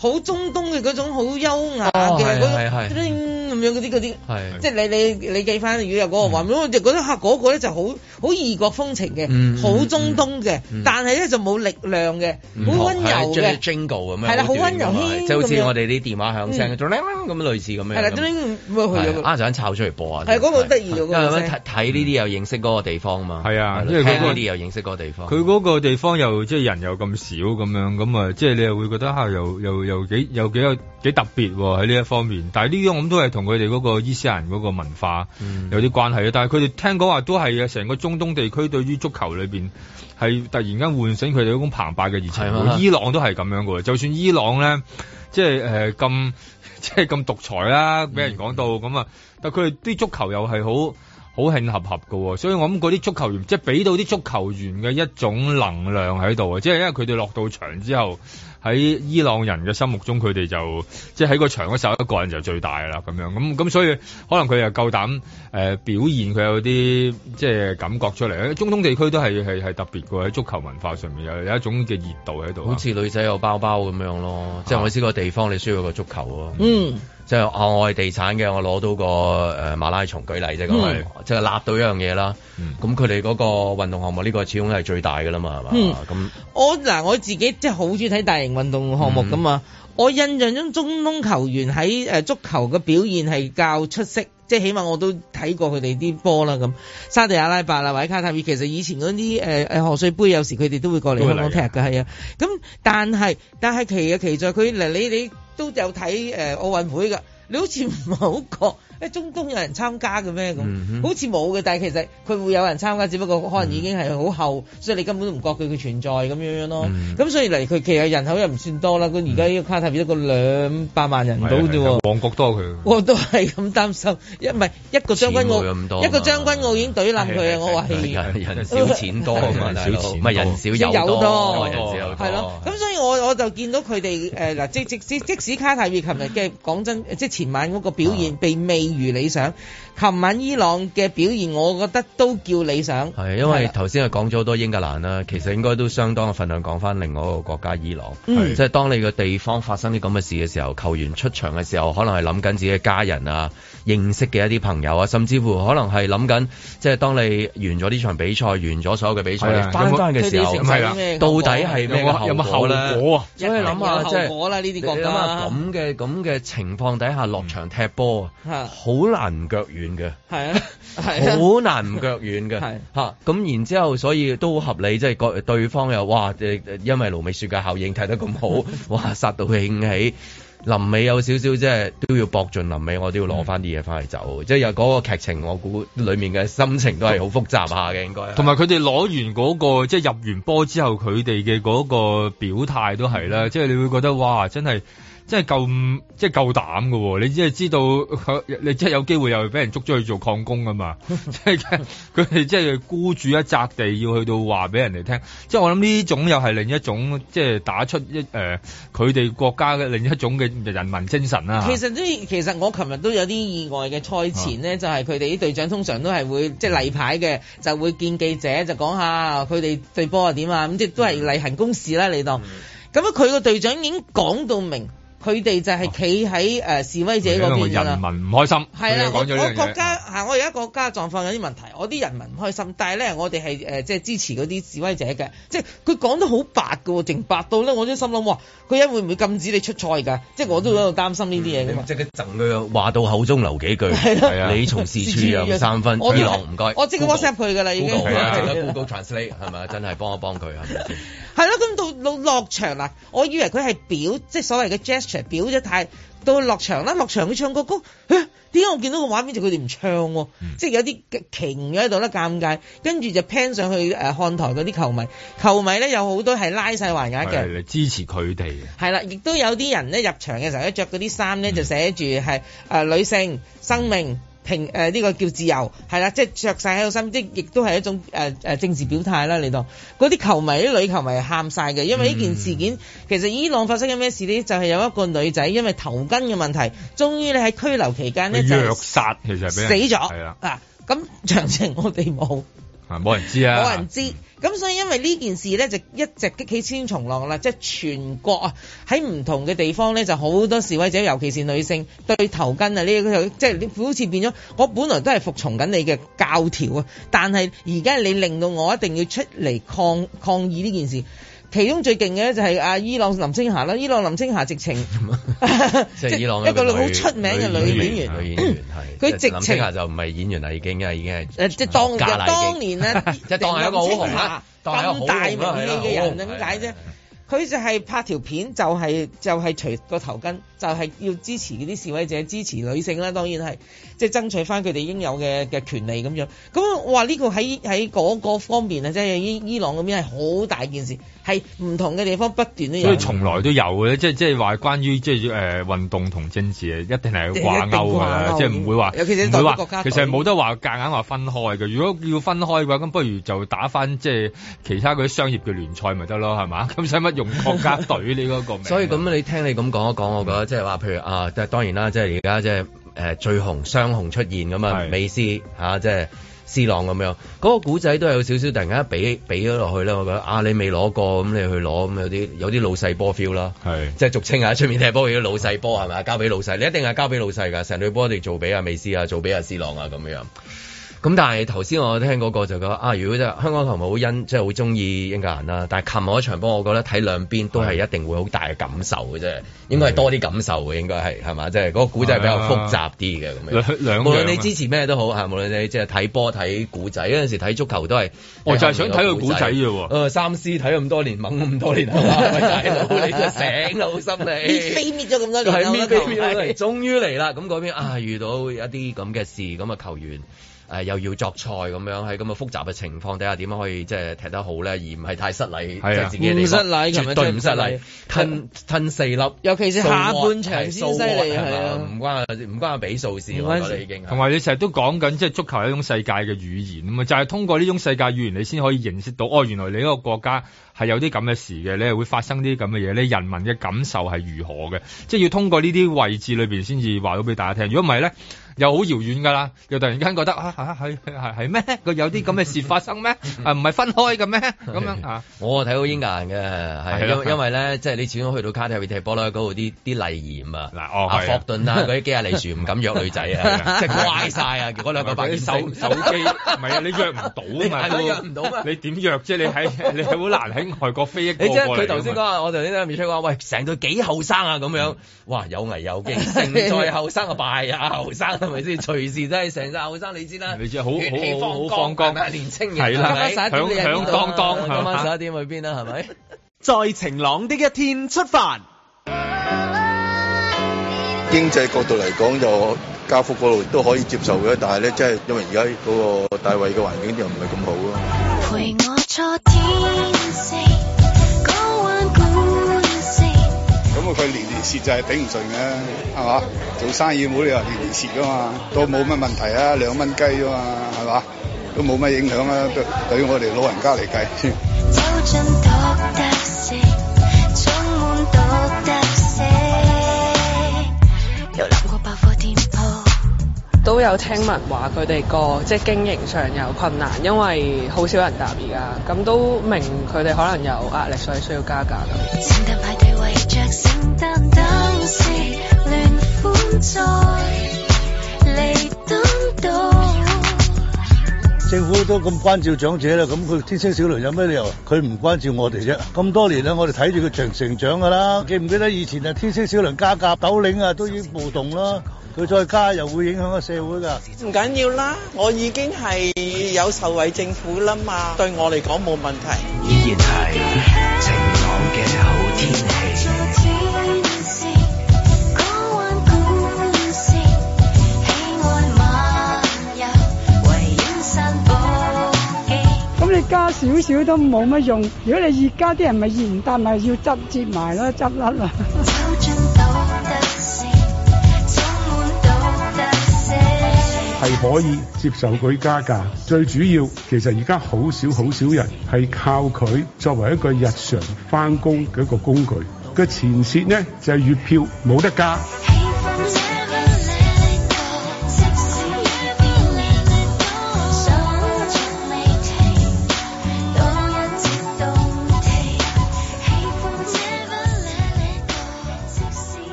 好中東嘅嗰種好優雅嘅嗰種叮咁、哦、樣嗰啲嗰啲，即係你你你記翻，如果有嗰、那個話、嗯，我就覺得客、那、嗰個咧、那個、就好好異國風情嘅，好、嗯嗯、中東嘅、嗯，但係咧就冇力量嘅，好、嗯、温柔嘅，係啦，好温柔軒就好似我哋啲電話響聲仲啷啷咁類似咁樣。係啦，叮，我去咗啱啱抄出嚟播啊。係嗰、那個得意嘅嗰個聲。睇呢啲又認識嗰個地方嘛。係啊，因為睇呢啲又認識嗰個地方。佢嗰個地方又即係人又咁少咁樣，咁啊即係你又會覺得嚇又又。又幾有幾有幾特別喎喺呢一方面，但係呢啲我諗都係同佢哋嗰個伊斯蘭嗰個文化有啲關係啊、嗯！但佢哋聽講話都係啊，成個中東地區對於足球裏邊係突然間喚醒佢哋嗰種澎湃嘅熱情。伊朗都係咁樣嘅，就算伊朗咧，即係咁、呃、即係咁獨裁啦，俾人講到咁啊、嗯，但佢哋啲足球又係好。好慶合合喎，所以我諗嗰啲足球員，即係俾到啲足球員嘅一種能量喺度啊！即係因為佢哋落到場之後，喺伊朗人嘅心目中，佢哋就即係喺個場嗰時候，一個人就最大啦咁樣。咁咁所以可能佢又夠膽誒表現佢有啲即係感覺出嚟。中東地區都係係係特別嘅喺足球文化上面有有一種嘅熱度喺度。好似女仔有包包咁樣咯，即係，啊，我知個地方你需要個足球啊。嗯。即係我係地產嘅，我攞到個誒馬拉松舉例啫，咁、嗯、即係立到一樣嘢啦。咁佢哋嗰個運動項目呢個始終係最大嘅啦嘛，係、嗯、嘛？咁我嗱我自己即係好中意睇大型運動項目噶嘛、嗯。我印象中中東球員喺足球嘅表現係較出色，即係起碼我都睇過佢哋啲波啦咁。沙地阿拉伯啦，或者卡塔爾，其實以前嗰啲誒誒賀歲杯有時佢哋都會過嚟香港踢嘅，係啊。咁但係但係其嘅其在佢嚟你你。你都有睇，誒奧運會㗎，你好似唔係好覺。中東有人參加嘅咩咁？好似冇嘅，但係其實佢會有人參加，只不過可能已經係好後、嗯，所以你根本都唔覺佢佢存在咁樣樣咯。咁、嗯、所以嚟佢其實人口又唔算多啦。佢而家呢個卡塔爾個兩百萬人到啫喎，旺角多佢。我都係咁擔心，一唔一個將軍澳一個將軍澳已經懟冧佢啊！我話係人，人少錢多嘛，人少錢咪人少有多，係咯。咁所以我我就見到佢哋嗱， 即即即使卡塔爾琴日嘅講真， 即，即前晚嗰個表現並未如理想，琴晚伊朗嘅表現，我覺得都叫理想。係因為頭先係講咗好多英格蘭啦，其實應該都相當嘅份量。講翻另外一個國家伊朗，是即係當你個地方發生啲咁嘅事嘅時候，球員出場嘅時候，可能係諗緊自己嘅家人啊。認識嘅一啲朋友啊，甚至乎可能係諗緊，即係當你完咗呢場比賽，完咗所有嘅比賽，你翻翻嘅時候，到底係咩有冇效果啊？即諗下即係我啦，呢啲咁嘅咁嘅情況底下，落場踢波，好、嗯、難腳軟嘅，係 啊，好難唔腳軟嘅，咁然之後，所以都合理，即、就、係、是、對方又哇，因為盧美雪嘅效應踢得咁好， 哇，殺到佢興起。臨尾有少少即係都要搏盡臨尾，我都要攞翻啲嘢翻嚟走，嗯、即係有嗰個劇情，我估裏面嘅心情都係好複雜下嘅，應該、那個。同埋佢哋攞完嗰個即係入完波之後，佢哋嘅嗰個表態都係啦，即、嗯、係你會覺得哇，真係～即係夠，即係夠膽㗎喎、哦！你即係知道，你即係有機會又俾人捉咗去做礦工啊嘛！ 即係佢哋即係孤注一擲地要去到話俾人哋聽。即係我諗呢種又係另一種，即係打出一佢哋、呃、國家嘅另一種嘅人民精神啦、啊。其實都其實我琴日都有啲意外嘅賽前呢、啊，就係佢哋啲隊長通常都係會即係例牌嘅，就會見記者就講下佢哋對波啊點啊咁，即係都係例行公事啦。你當咁佢個隊長已經講到明。佢哋就係企喺示威者嗰邊啦、啊，人民唔開心。係啦、啊，我我國家啊、嗯，我而家國家狀況有啲問題，我啲人民唔開心。但係呢，我哋係即係支持嗰啲示威者嘅，即係佢講得好白㗎喎，淨白到呢。我都心諗嘩，佢一會唔會禁止你出賽㗎、嗯？即係我都喺度擔心呢啲嘢即係佢贈佢話到口中留幾句，啊啊、你從事處三分二浪唔該。我，我即刻 WhatsApp 佢㗎啦，Google, 已經係啦 Google,、啊啊、，Google Translate 係咪真係幫一幫佢係咪啦，咁、啊啊啊啊啊 啊、到，到落場嗱，我以為佢係表即係所謂嘅 gesture 表咗態，到落場啦，落場佢唱個歌，點解我見到個畫面就佢哋唔唱、啊嗯？即係有啲停咗喺度啦，尷尬，跟住就 pan 上去誒看台嗰啲球迷，球迷咧有好多係拉晒橫額嘅，支持佢哋。係啦，亦都有啲人咧入場嘅時候咧着嗰啲衫咧就寫住係誒女性生命。嗯誒呢、呃呢個叫自由，係啦，即係著晒喺個心，即亦都係一種誒誒、呃、政治表態啦嚟到。嗰啲球迷，啲女球迷喊晒嘅，因為呢件事件、嗯，其實伊朗發生緊咩事呢？就係、是、有一個女仔因為頭巾嘅問題，終於咧喺拘留期間呢就虐殺，其實死咗。係啊，啊咁詳情我哋冇。冇人知啊，冇人知。咁、嗯、所以因為呢件事呢，就一直激起千層浪啦。即係，全國啊，喺唔同嘅地方呢，就好多示威者，尤其是女性，對頭巾啊呢啲，即係好似變咗，我本來都係服從緊你嘅教條啊，但係而家你令到我一定要出嚟抗抗議呢件事。其中最勁嘅咧就係阿伊朗林青霞啦，伊朗林青霞直情即係 一個好出名嘅女演員。佢 直情就唔係演員啦，已經啊，已經係。誒，即係當就當年咧，林青霞咁 大名氣嘅人啊，點解啫？佢就係拍條片，就係、是、就係除個頭巾，就係、是、要支持嗰啲示威者，支持女性啦。當然係即係爭取翻佢哋應有嘅嘅權利咁樣。咁我話呢個喺喺嗰個方面啊，即、就、係、是、伊朗咁樣係好大件事。係唔同嘅地方不斷都有，所以從來都有嘅，即係即係話關於即係誒運動同政治一定係掛鈎㗎啦，即係唔會話，尤其是唔會話，其實冇得話夾硬話分開嘅。如果要分開嘅話，咁不如就打返即係其他嗰啲商業嘅聯賽咪得咯，係嘛？咁使乜用國家隊呢嗰個名？ 所以咁你聽你咁講一講，我覺得即係話譬如啊，當然啦，即係而家即係誒最紅雙紅出現咁啊，美斯。吓即係。就是 C 朗咁樣，嗰個古仔都係有少少突然間俾俾咗落去啦，我覺得啊你未攞過，咁你去攞，咁有啲有啲老細波 feel 啦，係即係俗稱啊出面踢波叫老細波係咪啊？交俾老細，你一定係交俾老細㗎，成隊波一定要做俾阿美斯啊，做俾阿 C 朗啊咁樣。咁、嗯、但係頭先我聽嗰個就覺得啊，如果係香港球迷好欣，即係好中意英格蘭啦。但係琴我一場波，我覺得睇兩邊都係一定會好大嘅感受嘅啫，應該係多啲感受嘅，應該係係嘛？即係嗰個古仔係比較複雜啲嘅咁樣。無論你支持咩都好吓，無論你即係睇波睇古仔，有陣時睇足球都係我就係想睇個古仔嘅。誒、嗯，三獅睇咗咁多年，咗咁多年啊， 你真係醒到心嚟。搣咗咁多終於嚟啦！咁、就、邊、是、 啊，遇到一啲咁嘅事，咁嘅球員。誒、呃、又要作賽咁樣喺咁嘅複雜嘅情況底下，點樣可以即係踢得好咧？而唔係太失禮，即係、啊就是、自己嘅禮節，絕對唔失禮。吞四粒，尤其是下半場先犀利，係啊！唔、啊啊、關唔關比數事，喎，已、啊啊、經。同埋你成日都講緊，即係足球係一種世界嘅語言咁啊！就係、是、通過呢種世界語言，你先可以認識到哦，原來你一個國家係有啲咁嘅事嘅，你會發生啲咁嘅嘢，你人民嘅感受係如何嘅？即、就、係、是、要通過呢啲位置裏面先至話到俾大家聽。如果唔係咧？又好遙遠㗎啦，又突然間覺得啊是是是啊係咩？佢有啲咁嘅事發生咩？唔係分開嘅咩？咁樣啊，我睇好英格蘭嘅，係、嗯、因因為咧，即係你始終去到卡塔爾踢波咧，嗰度啲啲禮儀啊，嗱、啊啊啊，霍頓啊，嗰 啲基亞利殊唔敢約女仔啊，即係 乖曬啊！嗰 兩個白痴手手機，唔係啊，你約唔到啊嘛，你 約唔到咩？你點約啫？你喺你好難喺外國飛一個過來。即係佢頭先講，我頭先都未出話，喂，成隊幾後生啊？咁樣、嗯、哇，有危有驚，勝在後生個敗啊，後生。係咪先？隨時都係成隻後生，你知啦。你 知，好好好放光。係年、啊、青人。今啦，十一點你喺邊度？今晚十一點、啊、 點去邊啦、啊？係咪？在晴朗一的一天出發。 經濟角度嚟講，就加幅嗰度都可以接受嘅，但係咧，即係因為而家嗰個大圍嘅環境又唔係咁好咯、啊。陪我坐天星。因為佢年年蝕就係頂唔順嘅，係嘛？做生意冇理由年年蝕噶嘛，都冇乜問題啊，兩蚊雞啫嘛，係嘛？都冇乜影響啊，對對於我哋老人家嚟計、嗯。都有聽聞話佢哋個即係經營上有困難，因為好少人搭而家，咁都明佢哋可能有壓力，所以需要加價。政府都咁關照長者啦，咁佢天星小輪有咩理由？佢唔關照我哋啫。咁多年啦，我哋睇住佢長成長噶啦。記唔記得以前啊，天星小輪加價斗領啊，都已經暴動啦。佢再加又會影響個社會噶。唔緊要啦，我已經係有受惠政府啦嘛，對我嚟講冇問題。依然係晴朗嘅。咁你加少少都冇乜用，如果你而家啲人咪嫌，但係要執折埋咯，執甩啦。係可以接受佢加價，最主要其實而家好少好少人係靠佢作為一個日常翻工嘅一個工具。個前設咧就係、是、月票冇得加。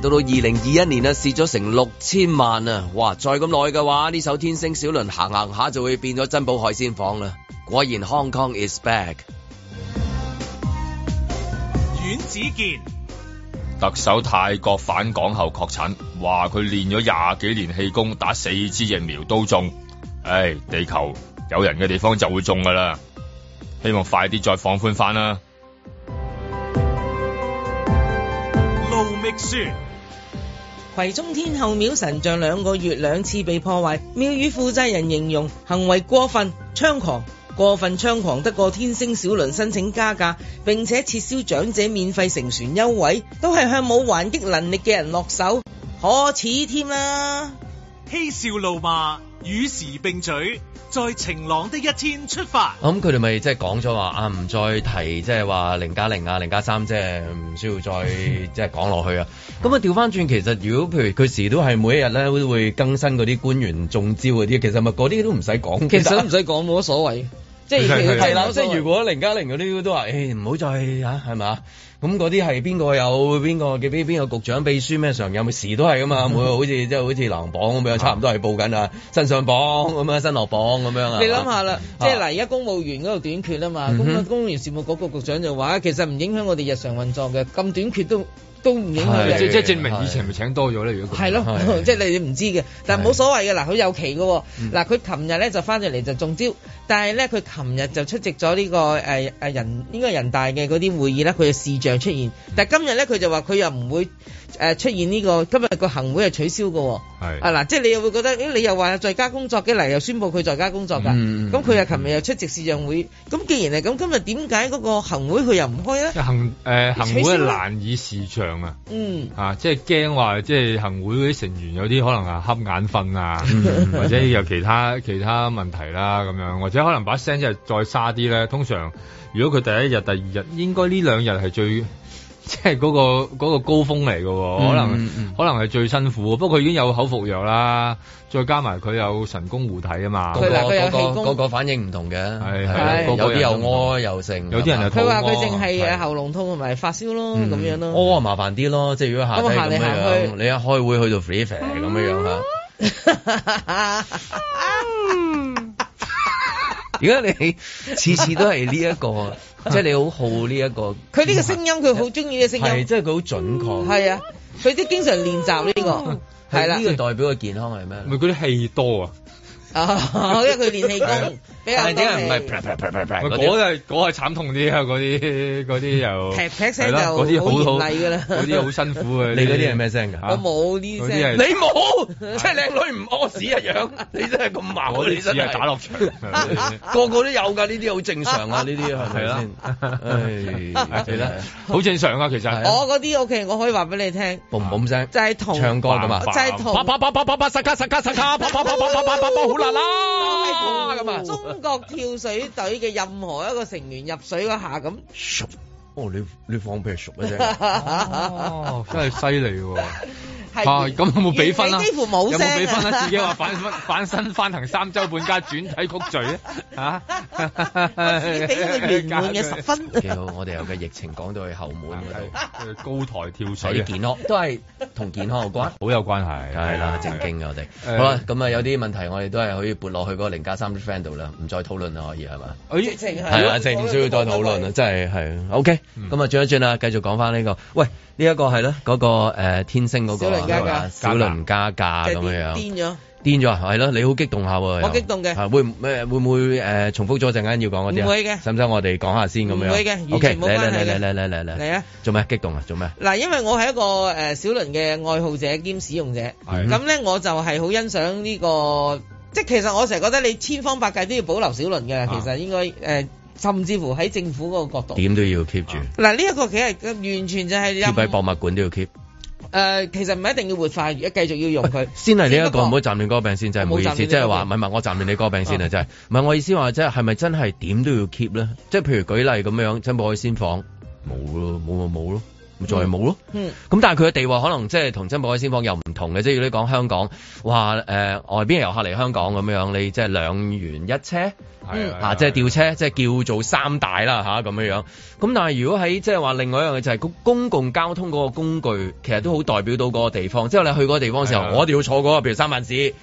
到到二零二一年咧，蝕咗成六千萬啊！哇，再咁耐嘅話，呢首天星小輪行行下就會變咗珍寶海鮮舫啦。果然 Hong Kong is back。阮子健，特首泰國返港後確診，話佢練咗廿幾年氣功，打四支疫苗都中。唉、哎，地球有人嘅地方就會中噶啦，希望快啲再放寬翻啦。盧覓雪。葵中天后廟神像兩個月兩次被破壞，廟宇負責人形容行為過分猖狂，過分猖狂得過天星小輪申請加價，並且撤銷長者免費乘船優惠，都係向冇還擊能力嘅人落手，可恥添啦！嬉笑怒罵與時並舉。在晴朗的一天出發。咁佢哋咪即係講咗話啊，唔再提即係話零加零啊，零加三即係唔需要再即係講落去啊。咁 啊，調翻轉其實如果譬如佢時都係每一日咧會會更新嗰啲官員中招嗰啲，其實咪嗰啲都唔使講。其實都唔使講冇乜所謂。 是說 所謂 即係係啦，即係如果零加零嗰啲都話，唉唔好再嚇係咪啊？咁嗰啲係邊個有邊個嘅，邊邊個局長秘書咩常任咪時都係噶嘛，每 好似即係好似狼榜咁樣， 差唔多係報緊啊，新上榜咁樣，新落榜咁樣啊。你諗下啦，即係嗱，而家公務員嗰度短缺啊嘛，咁、嗯、啊，公務員事務局局，局，局，局長就話，其實唔影響我哋日常運作嘅，咁短缺都。都唔影響，即係、就是、證明以前咪請多咗咧。如果係咯，即係你哋唔知嘅，但係冇所謂嘅。嗱，佢有期嘅、哦，嗱、嗯，佢琴日咧就翻咗嚟就中招，但係咧佢琴日就出席咗呢、這個誒誒、呃、人應該人大嘅嗰啲會議啦，佢嘅視像出現，嗯、但係今日咧佢就話佢又唔會誒出現呢、這個今日個行會，係取消嘅、哦。係啊嗱，即係你又會覺得，誒你又話在家工作嘅，嚟又宣佈佢在家工作㗎。咁、嗯、佢又琴日又出席視像會，咁、嗯、既然係咁，今日點解嗰個行會佢又唔開啊？行誒、呃、行會難以視像啊。嗯。啊，即係驚話，即係行會嗰啲成員有啲可能啊瞌眼瞓啊，或者有其他 其他問題啦咁樣，或者可能把聲即再沙啲咧。通常如果佢第一日、第二日，應該呢兩日係最。即係嗰、嗰個嗰、嗰個高峰嚟嘅、嗯，可能、嗯、可能係最辛苦。不過佢已經有口服藥啦，再加埋佢有神功護體啊嘛。嗰個個，個，個反應唔同嘅，係係有啲又屙又剩，有啲人佢話佢淨係喉嚨痛同埋發燒咯，咁、嗯、樣咯。屙、哦、麻煩啲咯，即係如果下低咁你一開會去到 free f、嗯、e 咁樣樣吓。如 果 你次次都係呢一個。 即係你好好呢一個，佢呢個聲音佢好中意呢個聲音，係即係佢好準確。係啊，佢即經常練習呢個，係啦。呢個代表嘅健康係咩？咪嗰啲氣多啊， 因為佢練氣功。 但係啲人唔係，嗰個係嗰個係慘痛啲啊！嗰啲嗰啲又劈劈聲嗰啲好好嗰啲好辛苦啊！你嗰啲係咩聲㗎？我冇呢啲，你冇，即係靚女唔屙屎一樣，你真係咁麻。我啲真係打落場，個個都有㗎，呢啲好正常啊！呢啲係咪先？係啦，好正常啊，其實。我嗰啲 OK，我可以話俾你聽，嘣嘣聲，就唱歌就係同，啪啪啪啪啪啪！十卡十卡啪啪啪啪啪啪啪！好辣啦，咁啊。 國跳水隊嘅任何一個成員入水嗰下咁，熟哦！你你放屁熟嘅啫 啊？真係犀利咁、啊、有冇俾分啦、啊？幾乎有冇俾分啊？自己話反身翻騰三周半加轉體曲序啊！俾 一個完滿嘅十分。幾好，我哋有嘅疫情講到去後門度，高台跳水，健康都係同健康有關、嗯，好有關係。係啦，正經嘅我哋。好啦，咁啊有啲問題我哋都係可以撥落去嗰個零加三啲 friend 度啦，唔再討論啦，可以係嘛？係、哎、啊，係啊，係啊，唔需要再討論啦，真係係。OK，咁、嗯、啊轉一轉啦，繼續講翻、這、呢個。喂，呢一個係咧嗰個天星嗰個。加價，小輪加價咁樣樣，癲咗，癲咗，係咯，你好激動下喎，我激動嘅，會咩會唔會誒重複咗陣間要講嗰啲，唔會嘅，使唔使我哋講下先咁樣，唔會嘅，完全冇關係。嚟嚟嚟嚟嚟嚟嚟嚟啊！做咩激動啊？做咩？嗱，因為我係一個誒小輪嘅愛好者兼使用者，咁咧我就係好欣賞呢個，即係其實我成日覺得你千方百計都要保留小輪嘅，其實應該誒，甚至乎喺政府嗰個角度，點都要 keep 住。嗱，呢一個其實完全就係 keep 喺博物館都要 keep。誒、呃，其實唔一定要活化，而家繼續要用佢、啊。先嚟呢一個唔好暫亂嗰個病先，就係唔好意思，即係話唔係唔係我暫亂你嗰個病先啊，就係唔係我意思話即係係咪真係點都要 keep 咧？啊、即係譬如舉例咁樣，真冇可以先放，冇咯，冇就冇咯。再冇咯，咁、嗯嗯、但係佢嘅地位可能即係同珍寶海鮮坊又唔同嘅，即係如果你講香港話誒、呃、外邊遊客嚟香港咁樣，你即係兩元一車，嗯、啊、嗯、即係吊車、嗯、即係叫做三大啦咁樣樣。咁但係如果喺即係話另外一樣嘢就係、是、公共交通嗰個工具，其實都好代表到嗰個地方。嗯、即係你去嗰個地方嘅時候，嗯、我一定要坐嗰、那個，譬如三藩市。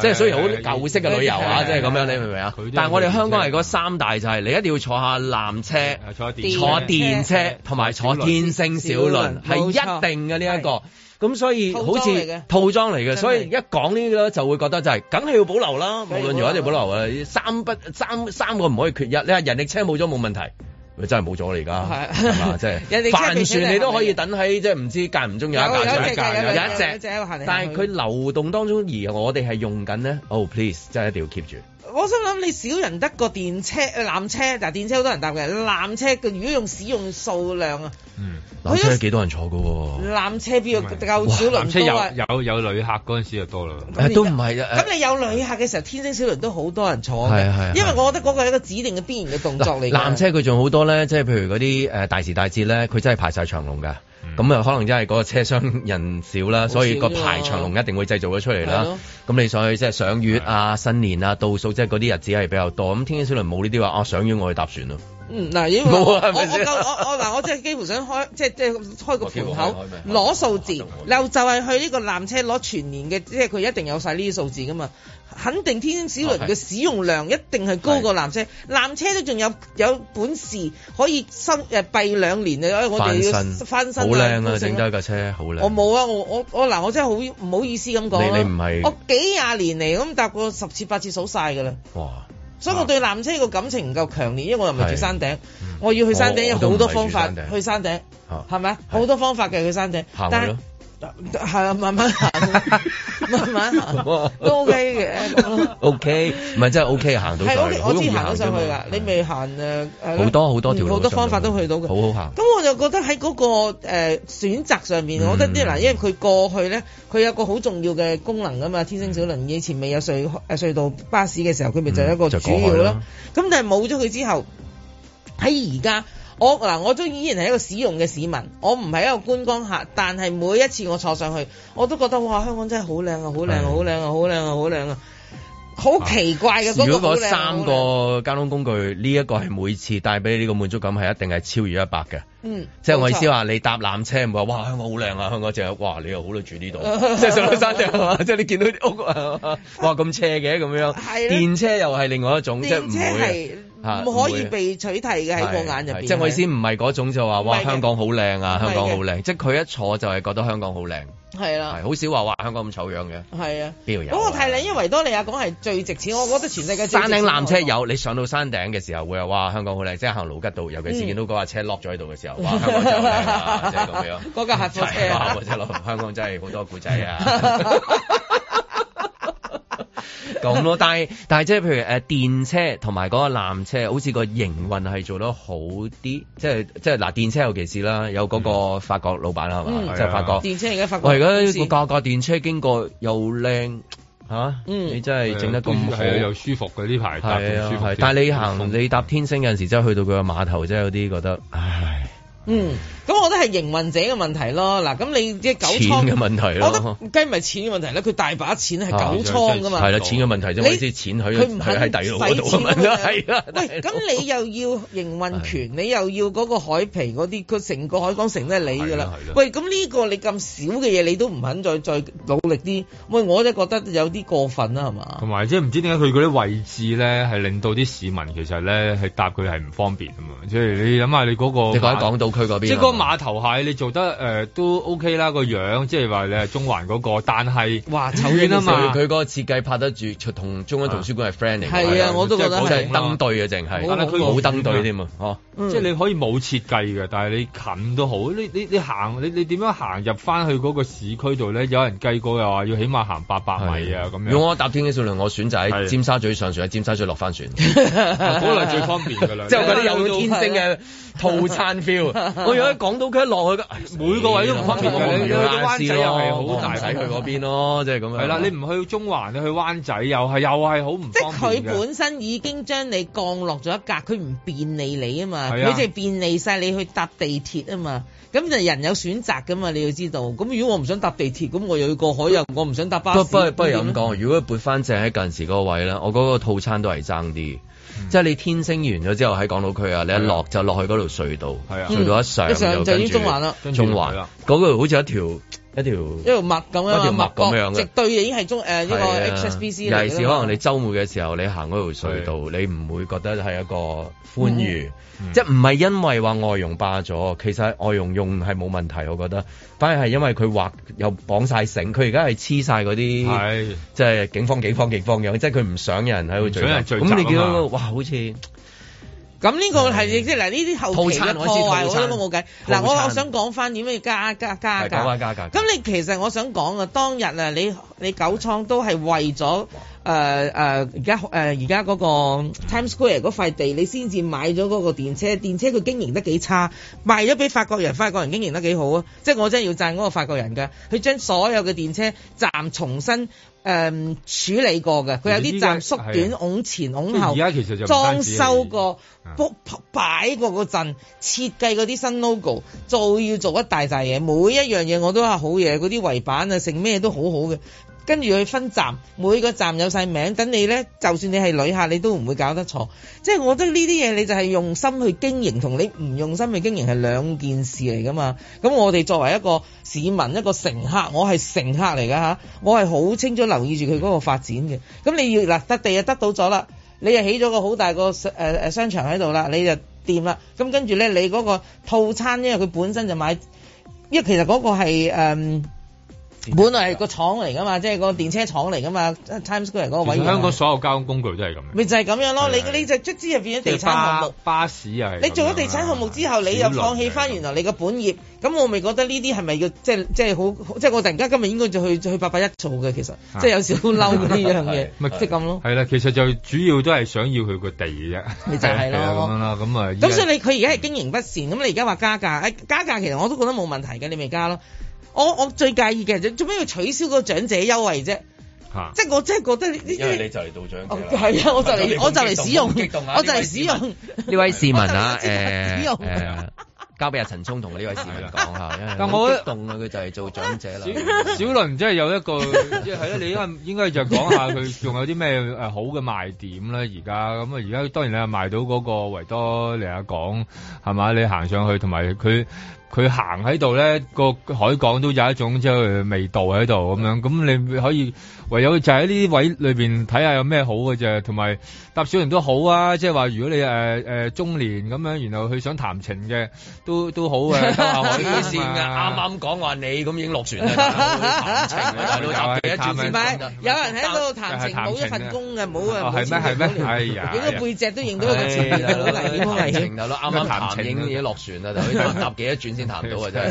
即係所以好舊式嘅旅遊啊，即係咁樣，你明唔明啊？但係我哋香港係嗰三大就係你一定要坐下纜車，坐電車同埋坐，坐，坐天星小輪，係一定嘅呢一個。咁所以好似套裝嚟嘅，所以一講呢啲咧，就會覺得就係梗係要保留啦，無論如何都要保留啊！三不三三個唔可以缺一。你話人力車冇咗冇問題。佢真係冇咗喇而家，係 咪？即係、 就是、 帆船你都可以等喺 即係唔知 間唔中有一有一間有一隻，但係佢流動當中而我哋係用緊咧。Oh、 哦、please，真係一定要 keep 住。我心諗你少人得個電車誒，纜車，但、啊、係電車好多人搭嘅，纜車嘅如果用使用數量、嗯、啊，纜車幾多人坐嘅？纜車比較夠小輪多啊！纜車有有，有旅客嗰陣時就多啦、呃，都唔係。咁、呃你，呃、你有旅客嘅時候，呃、天星小輪都好多人坐嘅，係、呃、係、呃、因為我覺得嗰個係一個指定嘅必然嘅動作嚟。纜車佢仲好多咧，即係譬如嗰啲誒大時大節咧，佢真係排晒長龍噶。咁、嗯、啊，可能真係嗰個車廂人少啦，所以個排長龍一定會製造咗出嚟啦。咁你上去即係賞月啊、新年啊、倒數即係嗰啲日子係比較多。咁天星小輪冇呢啲話啊，賞月我去搭船咯。嗯、啊、嗱，如果我我我我嗱，我真係幾乎想開、啊、即係即係開個盤口攞數字，又、啊、就係去呢個纜車攞全年嘅，即係佢一定有晒呢啲數字噶嘛，肯定天星小輪嘅使用量、啊、一定係高過纜車，纜車都仲有有本事可以新誒閉兩年、哎、我哋要翻新，好靚啊！整到架車好靚！我冇啊，我我我嗱，我真係好唔好意思咁講，你你唔係我幾廿年嚟咁搭過十次八次數晒㗎啦。所以我對纜車嘅感情唔夠強烈，因為我又唔係住山頂，我要去山頂有好多方法去山頂，係咪啊？好多方法嘅去山頂，但係。係啊，慢慢行，慢慢行都 OK 嘅。 OK，唔係真係 OK 行到，就是。係、okay, 我知行咗上去啦，啊，你未行啊？好多好多條，好多方法都去到嘅。好好行。咁我就覺得喺嗰、那個誒、呃、選擇上面，我、那個呃擇上面嗯，我覺得啲嗱，因為佢過去咧，佢有一個好重要嘅功能噶嘛，天星小輪以前未有隧誒隧道巴士嘅時候，佢咪就係一個主要咯。咁、嗯、但係冇咗佢之後，喺而家。我嗱，我都依然係一個使用嘅市民，我唔係一個觀光客，但係每一次我坐上去，我都覺得哇，香港真係好靚啊，好靚啊，好靚啊，好靚啊，好靚啊，好奇怪嘅嗰個、啊、如果嗰三個交通工具，呢一、啊這個係每次帶俾你呢個滿足感係一定係超越一百嘅。嗯。即係我意思話，你搭纜車唔會話哇，香港好靚啊，香港就係哇，你又好耐住呢度， 即係上到山頂， 即係你見到啲屋啊， 哇咁斜嘅咁樣，電車又係另外一種，係即係唔會。唔、啊、可以被取替嘅喺個眼入邊，即我意思唔係嗰種就話哇香港好靚啊，香港好靚，是即係佢一坐就係覺得香港好靚，係啦，好少話哇香港咁醜的樣嘅，係啊，邊度有？咁我因為維多利亞港係最值錢，我覺得全世界山頂纜車有，有，你上到山頂嘅時候會話哇香港好靚，即係行盧吉道，尤其是見到嗰架車落咗喺度嘅時候，嗯、哇香港真係即係咁樣，嗰架客車哇真係落，香港真係好多古仔啊！ 這 駛 咁 咯，但係但係即係譬如誒電車同埋嗰個纜車，好似個營運，係做得好啲，即係即係嗱電車尤其是啦，有嗰個法國老闆係嘛、嗯，就是、法國電車而家法國而家個架架電車經過又靚嚇、啊嗯，你真係整得咁好又舒服嘅呢排搭。但係你行你搭天星有陣時真係去到佢個碼頭，真係有啲覺得唉。嗯，咁我覺得係營運者嘅問題咯。嗱，咁你即係九倉嘅問題，我覺得唔係錢嘅問題咧。佢大把錢係九倉噶嘛，係、啊、啦、就是啊，錢嘅問題啫。你啲錢喺佢唔肯喺底二嗰度。喂，咁你又要營運權，你又要嗰個海皮嗰啲，佢成個海港城都係你噶啦。喂，咁呢個你咁少嘅嘢，你都唔肯再再努力啲？喂，我都覺得有啲過分啦，係嘛？同埋即係唔知點解佢嗰啲位置咧，係令到啲市民其實咧係搭佢係唔方便啊嘛。即係你諗下你嗰個講即係嗰個碼頭蟹，你做得誒、呃、都 OK 啦個樣，即係話你係中環嗰、嗰個，但係哇，遠啊嘛！佢個設計拍得住，同中央圖書館係 friend 嚟。係啊，啊，我都覺得係登對嘅，淨係，但係佢冇登對添啊、嗯！即係你可以冇設計㗎，但係你近都好、嗯你。你行，你點樣行入返去嗰個市區度呢？有人計過又話要起碼行八百米啊咁樣。如果我搭天星船，我選擇喺尖沙咀上船，喺、啊、尖沙咀落返船，本 來最方便㗎啦。即係嗰啲有天星嘅。 套餐 feel， 我如果講到佢一落去，哎，每個位都唔方便去，你去灣仔又係好大使去嗰邊咯，即係咁樣的。係啦，你唔去中環，你去灣仔又係又係好唔，即係佢本身已經將你降落咗一格，佢唔便利你啊嘛，佢就便利晒你去搭地鐵啊嘛。咁就人有選擇噶嘛，你要知道。咁如果我唔想搭地鐵，咁我又要過海呀，我唔想搭巴士。不如不不咁講，如果撥翻正喺近時嗰個位呢，我嗰個套餐都係爭啲。即、嗯、係、就是、你天星完咗之後喺港島區啊，你一落就落去嗰條隧道，啊，隧道一上、嗯、一上就，就已經中環啦。中環嗰個好似一條。一條一條脈咁啊，一條脈咁樣，一條脈一樣，脈一樣，直對已經係中誒呢、呃這個 HSBC、啊。尤其是可能你周末嘅時候，你行嗰條隧道，你唔會覺得係一個寬裕、嗯嗯，即係唔係因為話外傭霸咗，其實外傭用係冇問題，我覺得。反而係因為佢畫又綁曬繩，佢而家係黐曬嗰啲，即係警方、警方、警方樣，即係佢唔想有人喺度聚咁你見到、嗯、哇，好似～咁呢個係即係嗱，呢啲後期嘅鋪啊，我諗冇計。嗱，我我，我，我想講翻點樣加加加價。講翻加價。咁你其實我想講啊，當日啊，你你九倉都係為咗誒誒而家誒而家嗰個 Times Square 嗰塊地，你先至買咗嗰個電車。電車佢經營得幾差，賣咗俾法國人，法國人經營得幾好啊？即係我真係要讚嗰個法國人㗎，佢將所有嘅電車站重新。誒、嗯，處理過嘅，佢有啲站縮短，拱前拱後，而家其實就裝修過，擺過嗰陣設計嗰啲新 logo，仲要做一大紮嘢，每一樣嘢我都話好嘢，嗰啲圍板啊，成咩都好好嘅。跟住佢分站，每個站有晒名，等你呢，就算你係旅客，你都唔會搞得錯。即係我覺得呢啲嘢，你就係用心去經營，同你唔用心去經營係兩件事嚟噶嘛。咁我哋作為一個市民，一個乘客，我係乘客嚟噶吓，我係好清楚留意住佢嗰個發展嘅。咁你要嗱，得地啊得到咗啦，你又起咗個好大個呃呃商場喺度啦，你就掂啦。咁、呃、跟住呢，你嗰個套餐因為佢本身就買，因為其實嗰個係本來係個廠嚟噶嘛，即係個電車廠嚟噶嘛，Times Square 嗰個位。香港所有交通工具都係咁樣。咪就係、是、咁樣咯，你你就卒之入邊啲地產項目，巴士又係。你做咗地產項目之後，你又放棄翻原來你個本業，咁我咪覺得呢啲係咪要即係即係好即係我突然間今日應該就去就去八八一做嘅，其實即係、啊就是、有少少嬲呢樣嘢，咪即係咁咯。係啦，其實就主要都係想要佢個地啫。咪就係咯咁樣啦，咁啊。咁所以你佢而家係經營不善，咁你而家話加價，誒加價其實我都覺得冇問題嘅，你咪加咯。我我最介意嘅做咩要取消嗰個長者優惠啫？嚇、啊！即係我真係覺得呢啲，因為你就嚟做長者嘅，係啊！我就嚟我就嚟使用，激動啊！我就嚟使用呢位，、啊、位市民啊！誒，呃呃呃、 交俾阿陳聰同呢位市民講下，因為激動啊！佢就係做長者啦。小輪真係有一句，即 係、啊、你應該應該就講下佢仲有啲咩誒好嘅賣點咧？而家咁啊，而、嗯、家當然你又賣到嗰個維多利亞港係嘛？你行上去同埋佢。佢行喺度咧，個海港都有一種即係味道喺度咁樣。咁你可以唯有就喺呢啲位裏面睇下有咩好嘅啫。同埋搭小人都好啊，即係話如果你誒誒中年咁樣，然後佢想談情嘅都都好啊。海線啊，啱啱講話你咁已經落船啦，啊， 一轉 有人喺度談情冇 一份工嘅，冇啊冇錢嘅，影、哎、到背脊都影到有錢面啦，黎 情黎情就咯，啱啱談影已經落船啊。搭 幾多轉。先談到啊！真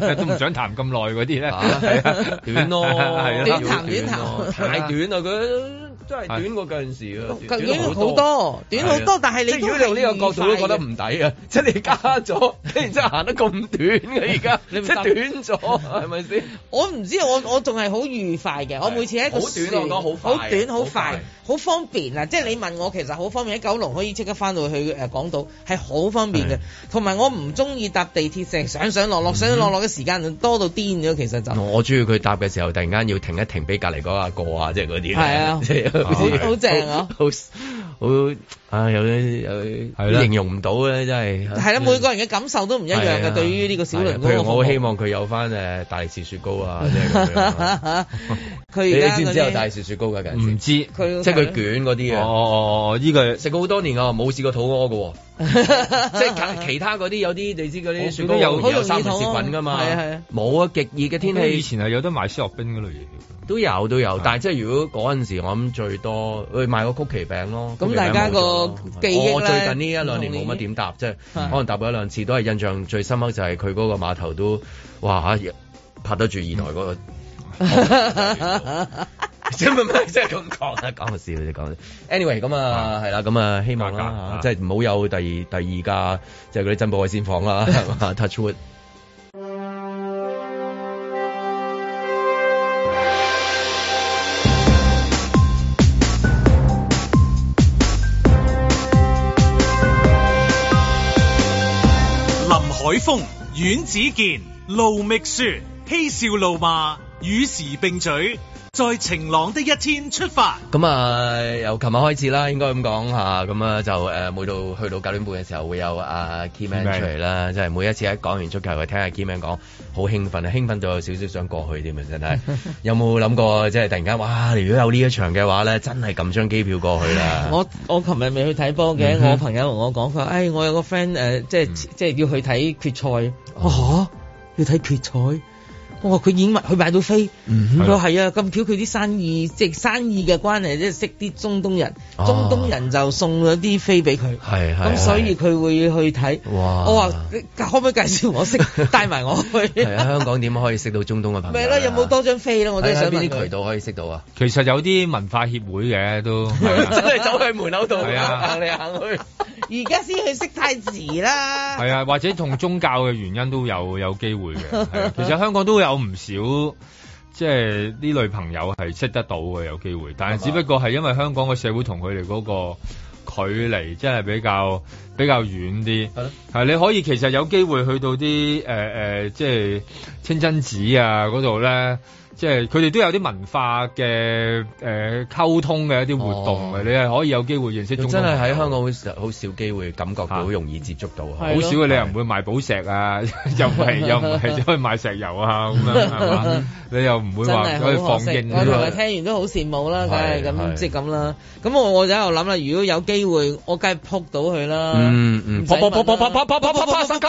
係都唔想談咁耐嗰啲咧，短咯，短談短談，太短啦佢。都係短過近陣時嘅，短好多，多，短好多。是但係你是，即係呢個角度都覺得唔抵啊！即係你加咗，然之後行得咁短嘅而家， 即係短咗係咪先？我唔知，我我仲係好愉快嘅。我每次喺度好短，我講好快，快，好短好快，好方便啊！即係你問我，其實好方便喺九龍可以即刻翻到去誒港島，係好方便嘅。同埋我唔中意搭地鐵成上上落、嗯、上落上上落落嘅時間多到癲咗，其實就是、我中意佢搭嘅時候，突然間要停一停俾隔離嗰個阿哥啊，即係嗰啲啊！ 好正啊、oh, yes.，好好啊！有啲有啲形容唔到咧，真係。係啦，每個人嘅感受都唔一樣噶。對於呢個雪糕，譬如我好希望佢有翻誒大理石雪糕啊，佢 這。 你你知,知有大理石雪糕噶、啊、近？唔知。即係佢捲嗰啲啊！哦哦哦，呢個食過好多年啊，冇試過肚屙噶。 即係其他嗰啲有啲你知嗰啲雪有好容食品噶嘛。冇、嗯、啊，嗯嗯、沒有極熱嘅天氣，以前係有得賣思樂冰嗰類型，都有都有，但係即係如果嗰陣時候，我諗最多，去、哎、買個曲奇餅咯。咁、嗯、大家個記憶，我最近呢一兩年冇乜點搭，即係可能搭咗一兩次，都係印象最深刻的就係佢嗰個碼頭都哇吓，拍得住二代嗰、嗯哦 那個。 即咪係咁講啦，講個笑啫講。Anyway 咁啊，係啦，咁啊，希望啦，即係唔好有第二第二架，即係嗰啲珍寶海鮮舫啦，touch wood， 林海峰、阮子健、盧覓雪、嬉笑怒罵，與時並嘴。在晴朗的一天出發、嗯。咁、呃、啊，由琴日開始啦，應該咁講嚇。咁、嗯、啊，就誒、呃、每到去到九點半嘅時候，會有阿 Keyman 出嚟啦。即係每一次一講完足球，去聽阿 Keyman 講，好興奮啊！興奮到有少少想過去添啊！真係 有冇諗過，即係突然間，哇！如果有呢一場嘅話咧，真係撳張機票過去啦。我我琴日未去睇波嘅，mm-hmm. 我朋友同我講，佢話誒，我有個 friend 誒、呃，即係、mm-hmm. 即係要去睇決賽。Oh. 啊要睇決賽。佢演物，佢買到飛，佢、嗯、係啊咁巧佢啲生意，即係生意嘅關係，即係識啲中東人，中東人就送咗啲飛俾佢，咁、啊、所以佢會去睇。哇！我話可唔可以介紹我識，帶 埋我去。喺香港點可以識到中東嘅朋友？咪啦，有冇多張飛咧？我都係想邊啲渠道可以識到啊？其實有啲文化協會嘅都 真係走、走、走去門口度行嚟行去，而家先去識太遲啦。係啊，或者同宗教嘅原因都有有機會嘅。其實香港都有。唔少即係呢類朋友係識得到嘅，有機會，但係只不過係因為香港嘅社會同佢哋嗰個距離真係比較比較遠啲。係你可以其實有機會去到啲誒誒，即係清真寺啊嗰度咧。即係佢哋都有啲文化嘅誒、呃、溝通嘅一啲活動，哦，你係可以有機會認識中東。真係喺香港好少好少機會感覺到，好容易接觸到，好少。你又唔會買寶石啊，又唔係 又唔係走去買石油啊，咁樣你又唔會話去放鈔。我同埋聽完都好羨慕啦，梗係咁即係咁啦。咁我我就喺度諗啦，如果有機會，我梗係撲到佢啦。嗯嗯，撲撲撲撲撲撲撲撲撲撲上街。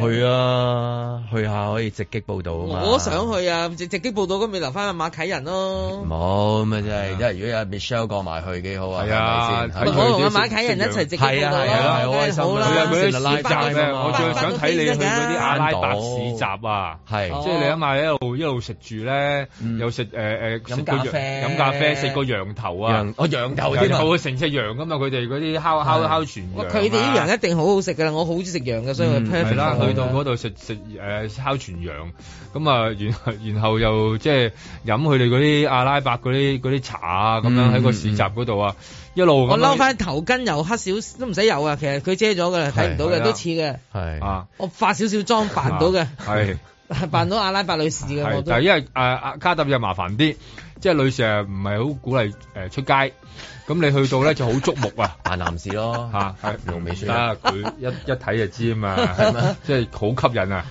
去啊，去下可以直擊報道。我想去啊，直直擊報道咁咪留翻阿馬啟仁咯。冇咪、就是、啊真係，因為如果有 Michelle 過埋去幾好啊。係啊，同阿、啊啊啊、馬啟仁一齊直擊報道。係啊係啦、啊 okay，啊啊，開心、啊、好啦。佢又嗰啲市集啊，我最想睇你去嗰啲阿拉伯市集啊。係、嗯，即係你起碼一路一路食住咧，又食誒誒飲咖啡，飲咖啡食個羊頭啊。羊頭啲頭成隻羊噶嘛？佢哋嗰啲烤烤烤全羊。佢哋啲羊一定好好食噶啦，我好中意食羊嘅，所以我 prefer 去到嗰度食食誒烤全羊，咁、嗯、啊，然後然後又即係飲佢哋嗰啲阿拉伯嗰啲啲茶啊，咁樣喺、嗯、個市集嗰度啊，一路我撈翻頭巾又黑少，都唔使有啊，其實佢遮咗嘅，睇唔到嘅，都似嘅。係。我化少少妝扮到嘅。係。 扮到阿拉伯女士嘅我都。因為誒阿、呃、卡特又麻煩啲，即係女士唔係好鼓勵誒、呃、出街。咁、嗯、你去到咧就好矚目啊，扮男士咯，嚇、啊，濃眉算啦，佢、嗯啊啊、一一睇就知啊嘛，係即係好吸引啊，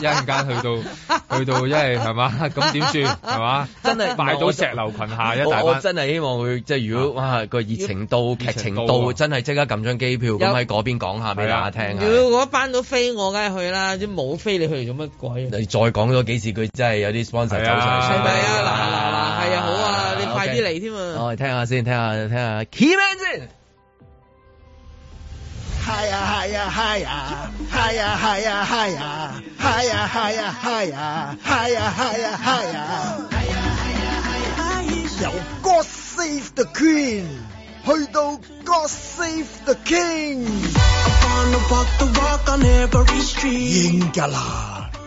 一陣間去到去到，因為係嘛，咁點算係嘛？真係拜到石榴裙下一大班，我，我真係希望佢即係如果個、啊啊、熱情到，劇情，情到，真係即刻撳張機票，咁喺嗰邊講下俾大家聽。啊、如果班都飛，我梗係去啦，即冇飛你去做乜鬼？你再講咗幾次，佢真係有啲 sponsor 走曬算係咪啊？嗱！快啲嚟添啊，我哋聽下先，聽下，聽下，Key man 先。係啊，係啊，係啊，係啊，係啊，係啊，係啊，係啊，係啊，係啊，係啊，係啊，係啊，由 God Save The Queen 去到 God Save The King。英格蘭。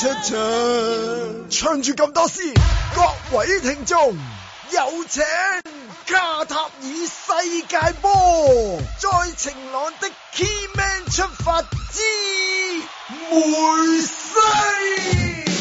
唱唱唱住咁多詩，各位聽眾有請卡塔爾世界波，在晴朗的 Keyman 出發之梅西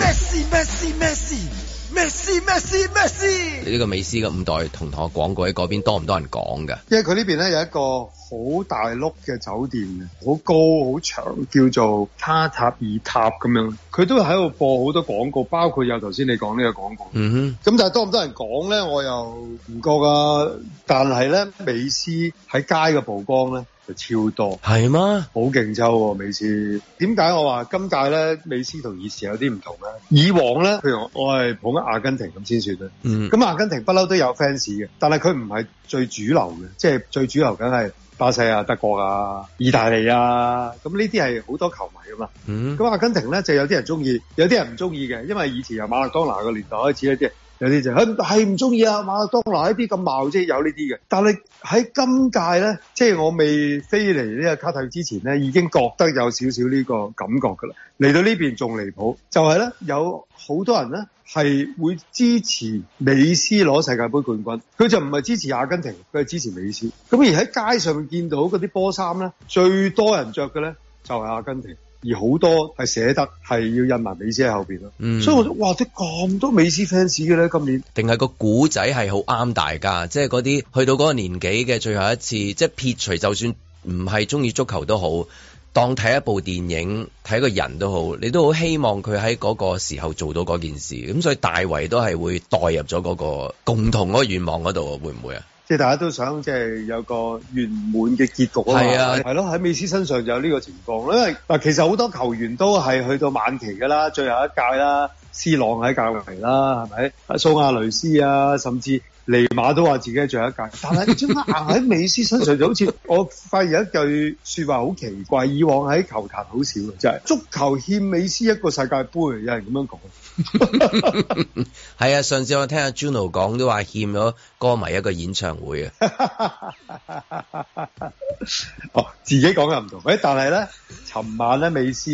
，Messi，Messi，Messi。咩斯咩斯咩斯，呢個美斯嘅五代同堂嘅廣告喺嗰邊多唔多人講㗎？因為佢呢邊咧有一個好大碌嘅酒店，好高好長，叫做卡塔爾塔二塔咁樣。佢都喺度播好多廣告，包括有頭先你講呢個廣告。嗯哼。咁但係多唔多人講咧？我又唔覺㗎。但係咧，美斯喺街嘅曝光咧。就超多，係嘛，好勁抽美斯。點解我話今屆咧美斯同以前有啲唔同咧？以往咧，譬如我係捧阿根廷咁先算咧。嗯，咁阿根廷不嬲都有 fans 嘅，但係佢唔係最主流嘅，即係最主流梗係巴西啊、德國啊、意大利啊。咁呢啲係好多球迷啊嘛。嗯，咁阿根廷咧就有啲人中意，有啲人唔中意嘅，因為以前由馬勒當拿個年代開始咧，即係有啲就係唔中意啊，馬當拿一啲咁貌，即係有呢啲嘅。但係喺今屆咧，即係我未飛嚟呢個卡塔爾之前咧，已經覺得有少少呢個感覺㗎啦。嚟到呢邊仲離譜，就係咧有好多人咧係會支持美斯攞世界盃冠軍，佢就唔係支持阿根廷，佢係支持美斯。咁而喺街上見到嗰啲波衫咧，最多人著嘅咧就係阿根廷。而好多係捨得係要印埋美斯喺後邊，咯、嗯，所以我都得哇，啲咁多美斯 fans 嘅咧，今年定係個古仔係好啱大家，即係嗰啲去到嗰個年紀嘅最後一次，即係撇除就算唔係中意足球都好，當睇一部電影睇個人都好，你都好希望佢喺嗰個時候做到嗰件事，咁所以大衞都係會代入咗嗰個共同嗰個願望嗰度，會唔會啊？即係大家都想，即係有個圓滿嘅結局啊係啊是，係咯，喺美斯身上就有呢個情況，因為嗱，其實好多球員都係去到晚期㗎啦，最後一屆啦，C 朗喺教嚟啦，係咪？蘇亞雷斯啊，甚至。尼馬都話自己係最後一屆，但係點解行喺美斯身上就好似我發現一句說話好奇怪，以往喺球壇好少嘅，就係、是、足球欠美斯一個世界盃，有人咁樣講。係 啊，上次我聽阿 Juno 講都話欠咗歌迷一個演唱會啊。 哦，自己講嘅唔同，但係咧，尋晚咧美斯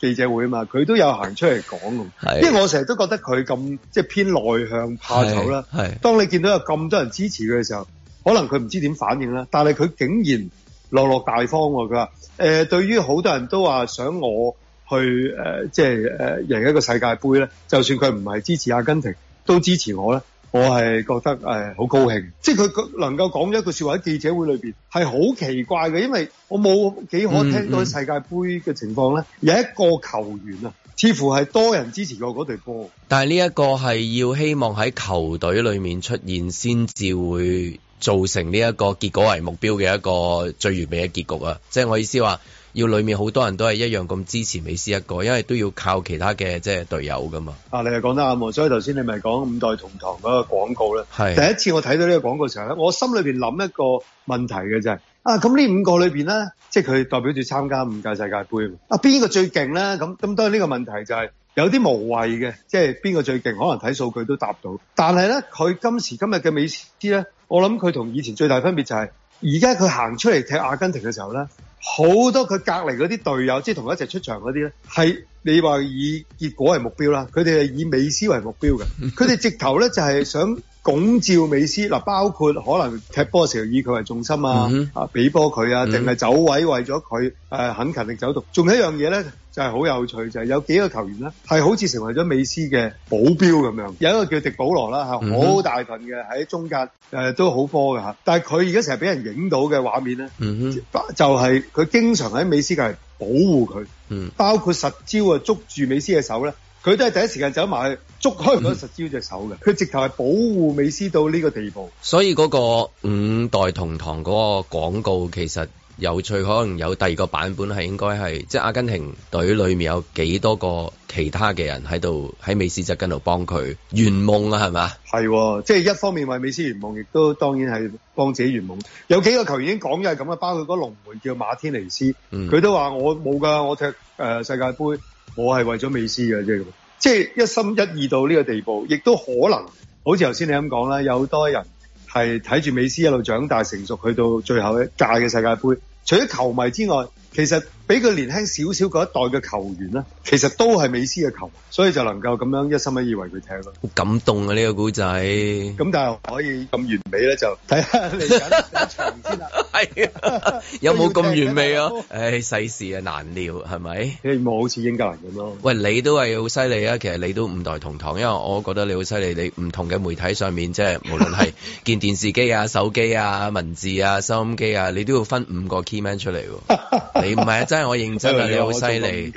記者會啊嘛，佢都有行出嚟講咁， 因為我成日都覺得佢咁即係偏內向、怕醜啦。係，當你見到。咁多人支持佢嘅時候，可能佢唔知點反應啦。但係佢竟然落落大方，佢話：誒、呃，對於好多人都話想我去誒、呃，即係誒、呃、贏一個世界盃咧，就算佢唔係支持阿根廷，都支持我咧。我係覺得誒好、呃、高興。即係佢能夠講咗一句說話喺記者會裏邊係好奇怪嘅，因為我冇幾可聽到世界盃嘅情況咧、嗯嗯，有一個球員。似乎係多人支持過嗰隊波，但係呢一個係要希望喺球隊裏面出現，先至會造成呢一個結果為目標嘅一個最完美嘅結局啊！即係我意思話，要裏面好多人都係一樣咁支持美斯一個，因為都要靠其他嘅即係隊友噶嘛。啊，你又講得啱喎！所以頭先你咪講五代同堂嗰個廣告咧，第一次我睇到呢個廣告時候咧，我心裏邊諗一個問題嘅啫。啊，咁呢五個裏邊咧，即係佢代表住參加五屆世界盃啊！邊個最勁咧？咁咁當然呢個問題就係有啲無謂嘅，即係邊個最勁，可能睇數據都答到。但係咧，佢今時今日嘅美斯咧，我諗佢同以前最大分別就係，而家佢行出嚟踢阿根廷嘅時候咧，好多佢隔離嗰啲隊友，即係同佢一齊出場嗰啲咧，係你話以結果為目標啦，佢哋係以美斯為目標嘅，佢哋直頭咧就係想拱照美斯嗱，包括可能踢波嘅時候以佢為重心啊，啊俾波佢啊，定、嗯、係走位為咗佢誒肯勤力走動。仲有一樣嘢咧就係、是、好有趣，就係、是、有幾個球員咧係好似成為咗美斯嘅保鏢咁樣，有一個叫迪保羅啦，吓好大份嘅喺中間誒、呃、都好波嘅吓，但係佢而家成日俾人影到嘅畫面咧、嗯，就係、是、佢經常喺美斯隔籬保護佢、嗯，包括實招啊捉住美斯嘅手咧，佢都係第一時間走埋去。捉開嗰實招隻手嘅，佢、嗯、直頭係保護美斯到呢個地步。所以嗰個五代同堂嗰個廣告其實有趣，可能有第二個版本係應該係，即係阿根廷隊裏面有幾多個其他嘅人喺度喺美斯就跟度幫佢圓夢啊？係咪？係、哦，即係一方面為美斯圓夢，亦都當然係幫自己圓夢。有幾個球員已經講又係咁啊，包括嗰龍門叫馬天尼斯，佢、嗯、都話我冇㗎，我踢誒世界盃，我係為咗美斯嘅，即係即係一心一意到呢個地步，亦都可能好似頭先你咁講啦，有好多人係睇住美斯一路長大成熟，去到最後一屆嘅世界盃。除咗球迷之外，其實。比個年輕少少嗰一代嘅球員咧，其實都係美斯嘅球，所以就能夠咁樣一心一意為佢踢咯。好感動啊！呢、這個古仔。咁但係可以咁完美咧，就睇下你讓場先啦。係、啊、 有冇咁完美啊？誒、 哎，世事啊難料係咪？希望好似英格蘭咁咯。喂，你都係好犀利啊！其實你都五代同堂，因為我覺得你好犀利。你唔同嘅媒體上面，即係無論係見電視機啊、 手機啊、文字啊、收音機啊，你都要分五個 key man 出嚟、啊。你唔係一真係 我認真你好犀利，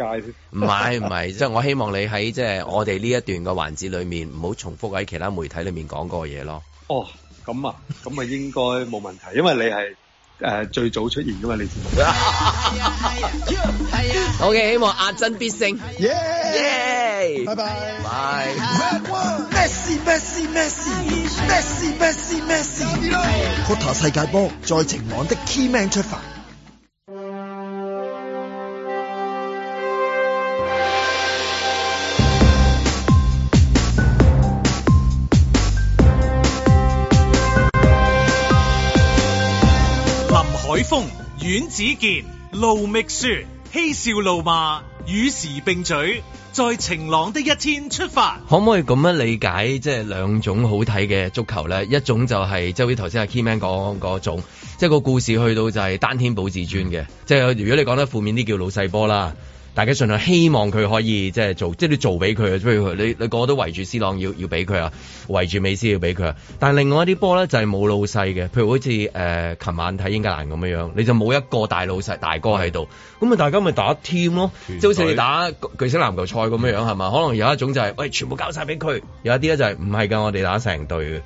唔係唔係，即係 我希望你喺即係我哋呢一段個環節裏面，唔好重複喺其他媒體裏面講過嘢咯。哦、 oh,，咁啊，咁啊應該冇問題，因為你係、呃、最早出現噶嘛，你係。係 啊。好嘅、啊，啊啊、okay, 希望阿珍必勝。啊、Yeah，bye yeah bye。b e Messi，Messi，Messi，Messi，Messi，Messi。Qatar 世界波，在晴朗的 Key Man 出發。海峰、阮子健、盧覓雪，嬉笑怒罵，與時並舉。在晴朗的一天出發，可唔可以咁樣理解？即係兩種好睇嘅足球咧，一種就係即係啲頭先阿 Keyman 講嗰種，即係個故事去到就係單天保至尊嘅，即係如果你講得負面啲叫老細波啦。大家盡量希望佢可以即係做，即係你做俾佢啊！譬如你你個個都圍住 C 朗要要俾佢啊，圍住美斯要俾佢啊。但係另外一啲波咧就係、是、冇老細嘅，譬如好似誒，琴、呃、晚睇英格蘭咁樣樣，你就冇一個大老細大哥喺度，咁、嗯、啊大家咪打 team 咯，即好似你打巨星籃球賽咁樣樣係嘛？可能有一種就係、是、喂全部交晒俾佢，有一啲咧就係唔係噶，我哋打成隊嘅。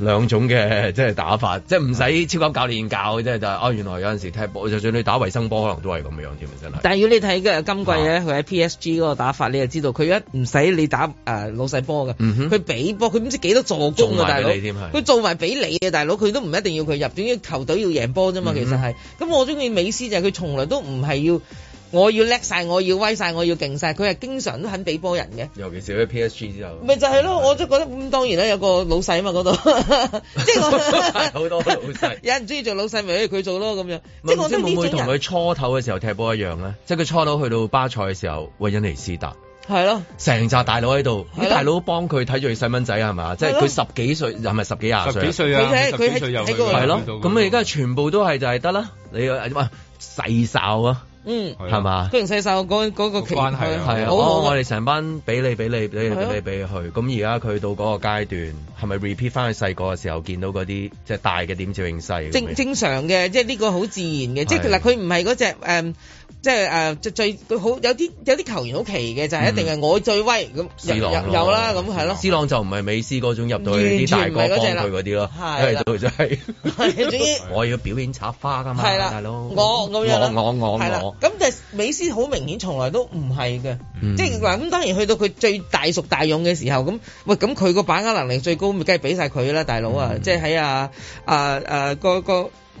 兩種嘅即係打法，即係唔使超級教練教，即係就啊，原來有陣時踢波，就算你打衞生波，可能都係咁樣添，真係。但係如果你睇嘅今季咧，佢、啊、喺 PSG 嗰個打法，你就知道佢一唔使你打誒、呃、老細波嘅，佢俾波，佢唔知幾多助攻啊，你大佬！佢做埋俾你嘅大佬！佢都唔一定要佢入，主要球隊要贏波啫嘛，其實係。咁我中意美斯就係佢從來都唔係要。我要叻晒，我要威晒，我要勁晒。佢係經常都肯俾波人嘅，尤其是喺 P S G 之後。咪就係、是、咯，我都覺得咁、嗯、當然呢，有個老細啊嘛嗰度，即係好多老細。 有人中意做老細咪佢做咯咁樣。即係會唔會同佢初頭嘅時候踢波一樣咧？即係佢初頭去到巴塞嘅時候，喂恩尼斯達係咯，成紮大佬喺度，大佬幫佢睇住佢細蚊仔係嘛？即係佢十幾歲，係咪十幾廿歲，十幾歲啊，佢佢、就是。係咯，咁你而家全部都係就係得啦。你啊，喂細哨啊！嗯，係嘛？居然細、嗰個嗰嗰、嗰個、關係。係啊，係係啊哦、我我哋成班俾你俾、啊、你俾你俾你俾佢。咁而家佢到嗰個階段，係咪 repeat 翻去細個嘅時候見到嗰啲即係大嘅點照應細？正正常嘅，即係呢個好自然嘅，即係其實佢唔係嗰隻誒。Um, 即係誒、啊、最最好有啲有啲球員好奇嘅就係、是、一定係我最威咁、嗯。有有，有啦咁係咯。斯朗就唔係美斯嗰種入到去啲大個方嗰啲咯。係啦，佢係、就是。 我要表演插花㗎嘛。係啦，大佬。我我我我。咁但係美斯好明顯從來都唔係嘅，即係嗱咁當然去到佢最大熟大勇嘅時候咁，喂咁佢個把握能力最高，咪梗係俾晒佢啦，大佬、嗯、啊！即係喺啊啊啊個，個阿、啊、哥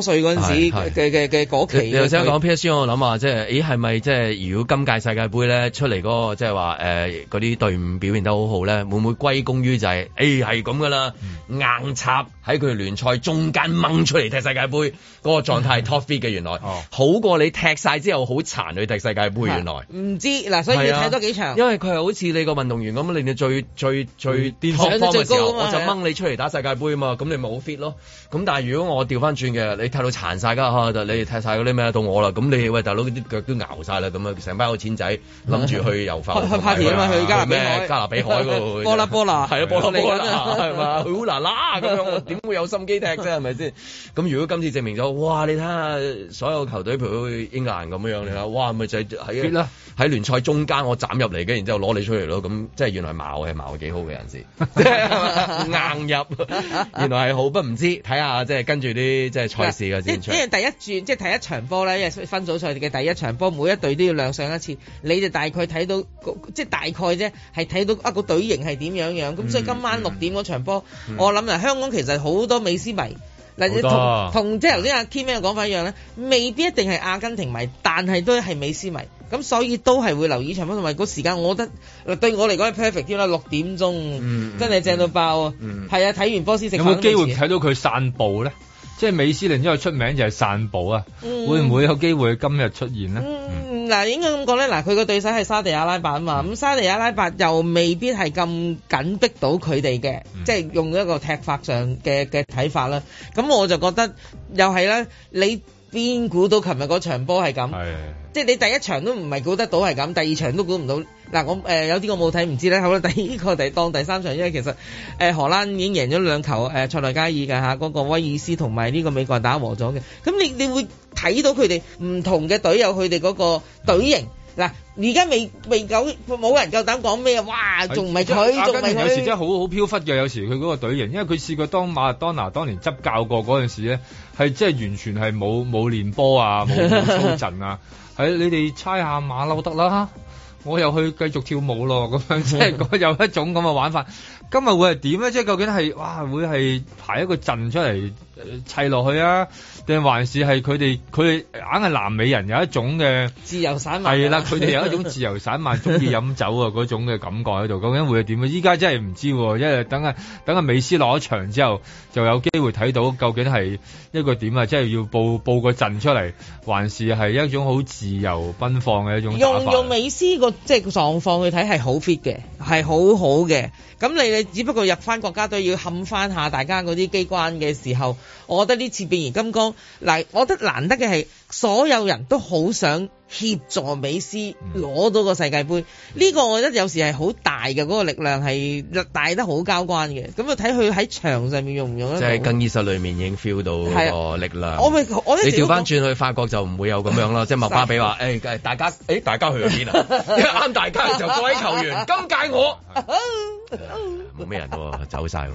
瑞嗰陣時嘅嘅嘅期，你頭先講 PSG，我諗下即係，咦係咪即係如果今屆世界盃咧出嚟嗰個即係話誒嗰啲隊伍表現得好好咧，會唔會歸功於就係誒係咁噶啦？硬插喺佢聯賽中間掹出嚟踢世界盃，嗰個狀態 top fit 嘅原來、嗯，好過你踢晒之後好殘去踢世界盃原來。唔知嗱，所以你踢多幾場，因為佢係好似你個運動員咁，你哋最最最電商方面，我就掹你出嚟打世界盃啊嘛，咁你咪好 fit 咯。咁但係如果我調翻轉嘅，你踢到殘晒㗎就你哋踢晒嗰啲咩到我啦，咁你，喂大佬啲腳都熬晒啦，咁啊，成班有錢仔諗住去遊浮去拍片嘛，去加勒比海，加勒比海嗰波拉波拉係咯，波拉波拉係嘛，好啦啦咁樣、啊，點會有心機踢啫係咪先？咁如果今次證明咗，哇你睇下所有球隊譬如英格蘭咁樣你睇，哇咪就喺喺聯賽中間我斬入嚟嘅，然之後攞你出嚟咯，咁即係原來矛係矛幾好嘅人士，硬入原來係好，不唔知，睇下即係跟住啲。賽嗯、即係賽事嘅，因為第一轉即係第一場波咧，因為分組賽嘅第一場波，每一隊都要亮相一次。你就大概睇到，即係大概啫，係睇到一個隊形係點樣樣。咁、嗯嗯、所以今晚六點嗰場波、嗯，我諗啊，香港其實好多美斯迷，嗱、啊，同同即係頭先阿 Kimi 講法一樣咧，未必一定係阿根廷迷，但係都係美斯迷。咁所以都係會留意場波，同埋嗰時間，我覺得嗱，對我嚟講係 perfect 啲啦，六點鐘，真係正到爆、啊。嗯，係、嗯、啊，睇完波先食。有冇機會睇到佢散步咧？即係美斯，連日出名就係散步啊！會唔會有機會今日出現咧？嗯，嗱，應該咁講咧，嗱，佢個對手係沙地阿拉伯啊嘛，咁沙地阿拉伯又未必係咁緊逼到佢哋嘅，即係用一個踢法上嘅嘅睇法啦。咁我就覺得又係咧，你。邊估到琴日嗰場波係咁？即係你第一場都唔係估得到係咁，第二場都估唔到。嗱，我誒、呃、有啲我冇睇唔知呢。好啦，第二個第當第三場，因為其實誒、呃、荷蘭已經贏咗兩球誒、呃、塞內加爾噶吓，嗰、啊嗰個威爾斯同埋呢個美國人打和咗嘅。咁你你會睇到佢哋唔同嘅隊友，佢哋嗰個隊型。嗯嗱，而家未未夠冇人夠膽講咩啊！哇，仲唔係佢，仲唔係佢，阿根廷有時真係好好飄忽嘅，有時佢嗰個隊型，因為佢試過當瑪麗當娜當年執教過嗰陣時咧，係即係完全係冇冇練波啊，冇練操陣啊，喺 你哋猜下馬騮得啦！我又去繼續跳舞咯，咁樣即係有一種咁嘅玩法。 今日會係點咧？即係究竟係哇，會係排一個陣出嚟，砌落去啊？定還是係佢哋佢硬係南美人有一種嘅自由散漫係、啊、啦，佢哋有一種自由散漫、中意飲酒啊嗰種嘅感覺喺度。究竟會係點？依家真係唔知、啊，因為等下等下美斯落咗場之後，就有機會睇到究竟係一個點啊！即係要報報個陣出嚟，還是係一種好自由奔放嘅一種？用用美斯個即係狀況去睇，係好 fit 嘅，係好好嘅。咁你只不過入翻國家隊要冚翻下大家嗰啲機關嘅時候，我覺得呢次變形金剛，嗱，我覺得難得嘅係。所有人都好想協助美斯攞到個世界盃，呢個我覺得有時係好大嘅嗰、那個力量係大得好交關嘅。咁啊睇佢喺場上面用唔用得。即係更衣室裏面已經 feel 到個力量。啊、我咪我你調翻轉去法國就唔會有咁樣啦。 即係麥巴比話：，誒、欸、大家誒、欸、大家去邊啊？啱 大家就時各位球員， 今屆我冇咩 人喎，走晒喎。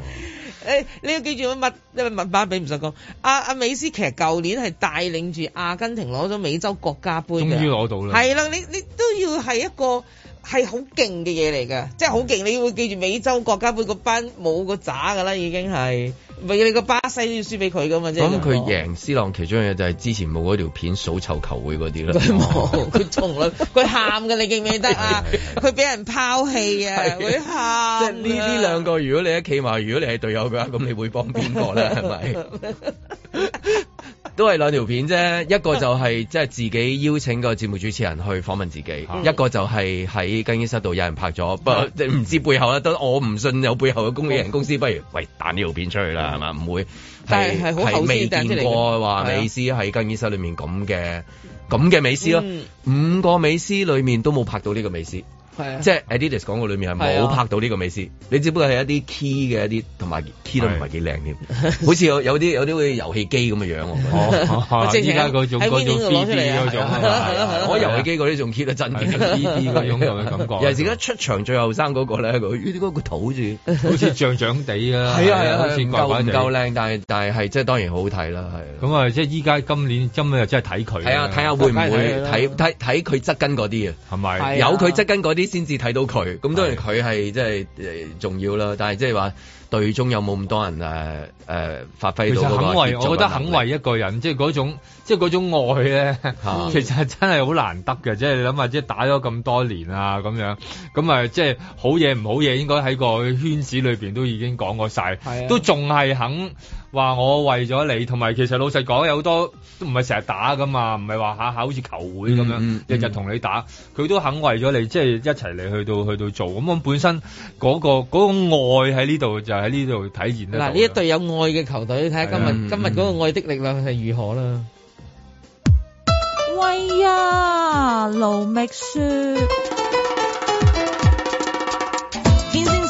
誒、哎，你要記住個物，乜為物板俾唔使講。阿、啊、阿美斯其實舊年係帶領住阿根廷攞咗美洲國家杯嘅，終於攞到啦。係啦，你你都要係一個。係好勁嘅嘢嚟噶，即係好勁，你會記住美洲國家杯個班冇個渣噶啦，已經係，咪你個巴西都要輸俾佢噶嘛，即係咁佢贏 C 朗，其中一嘢就係之前冇嗰條片數臭球會嗰啲啦。冇、哦，佢從來，佢喊噶，你記唔記得啊？佢 俾人拋棄呀，佢喊。即係呢啲兩個，如果你企埋，如果你係隊友嘅話，咁你會幫邊個咧？係咪？都係兩條片啫，一個就係即係自己邀請個節目主持人去訪問自己，啊、一個就係喺更衣室度有人拍咗，不過唔知背後啦。都我唔信有背後嘅公司人、哦、公司，不如喂彈呢條片出去啦，係、嗯、嘛？唔會，係好未見過話美斯喺更衣室裏面咁嘅咁嘅美斯咯，嗯、五個美斯裏面都冇拍到呢個美斯。即係、啊就是、Adidas 講嘅裏面係冇拍到呢個美斯、啊，你只不過係一啲 key 嘅一啲，同埋 key 都唔係幾靚添，好似、啊、有啲有啲好似遊戲機咁嘅樣係依家嗰種嗰種 BB 嗰種，種種啊啊啊啊啊啊啊、我遊戲機嗰啲仲 key 真啊真驚 BB 嗰種咁嘅感覺。而家、啊、出場最、那個哎那個、後生嗰個咧，佢肚好似好似脹脹地啊，係啊，好似唔夠靚，但係但係係即係當然好好睇啦，咁啊，即係依家今年今咪又真係睇佢，睇下會唔會睇睇睇佢側跟嗰啲啊，係咪有佢側跟嗰啲？先至睇到佢，咁當然佢係即係誒重要啦。但係即係話隊中有冇咁多人誒誒、呃呃、發揮到？其實肯為，我覺得肯為一個人，嗯、即係嗰種即係嗰種愛咧、嗯，其實真係好難得嘅。即係你諗下，即係打咗咁多年啊咁樣，咁啊即係好嘢唔好嘢，應該喺個圈子裏邊都已經講過晒、啊，都仲係肯。話我為咗你，同埋其實老實講，有好多都唔係成日打噶嘛，唔係話下下好似球會咁樣日日同你打，佢、嗯、都肯為咗你，即、就、係、是、一齊嚟，去到去到做，咁我本身嗰、那個嗰、那個愛喺呢度就喺呢度體現。嗱，呢一隊有愛嘅球隊，睇下今日、嗯、今日嗰個愛的力量係如何啦、嗯嗯。喂啊，盧覓雪！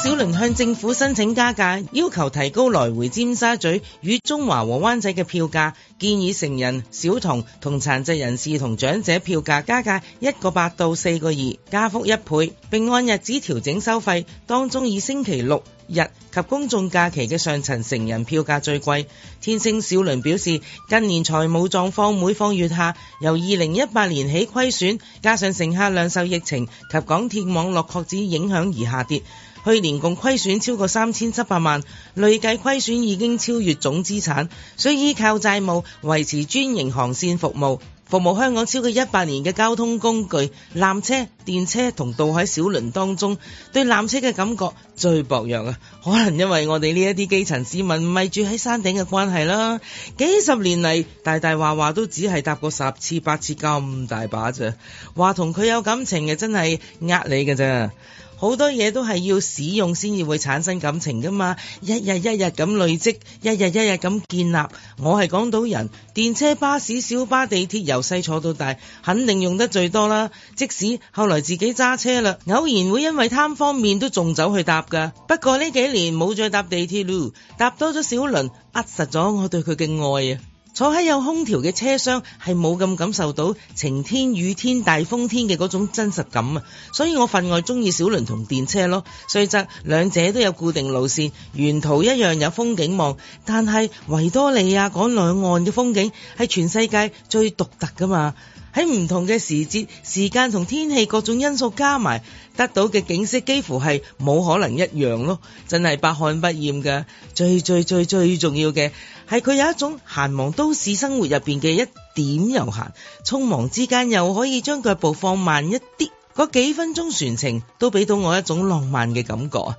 小輪向政府申請加價，要求提高來回尖沙咀與中華和灣仔嘅票價，建議成人、小童同殘疾人士同長者票價加價一個八到四個二，加幅一倍，並按日子調整收費。當中以星期六日及公眾假期嘅上層成人票價最貴。天星小輪表示，近年財務狀況每況愈下，由二零一八年起虧損，加上乘客量受疫情及港鐵網絡擴展影響而下跌。去年共虧損超過三千七百萬，累計虧損已經超越總資產，所以依靠債務維持專營航線服務。服務香港超過一百年嘅交通工具，纜車、電車同渡海小輪當中，對纜車嘅感覺最薄弱啊！可能因為我哋呢一啲基層市民唔係住喺山頂嘅關係啦，幾十年嚟大大話話都只係搭過十次八次咁大把啫，話同佢有感情嘅真係呃你㗎啫。好多嘢都係要使用先至會產生感情噶嘛，一日一日咁累積，一日一日咁建立。我係港島人，電車、巴士、小巴、地鐵，由細坐到大，肯定用得最多啦。即使後來自己揸車啦，偶然會因為貪方便都仲走去搭噶。不過呢幾年冇再搭地鐵囉，搭多咗小輪，壓實咗我對佢嘅愛啊！坐喺有空調嘅車廂係冇咁感受到晴天、雨天、大風天嘅嗰種真實感啊！所以我分外鍾意小輪同電車咯。雖則兩者都有固定路線，沿途一樣有風景望，但係維多利亞港兩岸嘅風景係全世界最獨特㗎嘛！喺唔同嘅時節、時間同天氣各種因素加埋，得到嘅景色幾乎係冇可能一樣咯！真係百看不厭㗎，最最最最重要嘅係佢有一種閒忙都市生活入邊嘅一點悠閒，匆忙之間又可以將腳步放慢一啲，嗰幾分鐘船程都俾到我一種浪漫嘅感覺。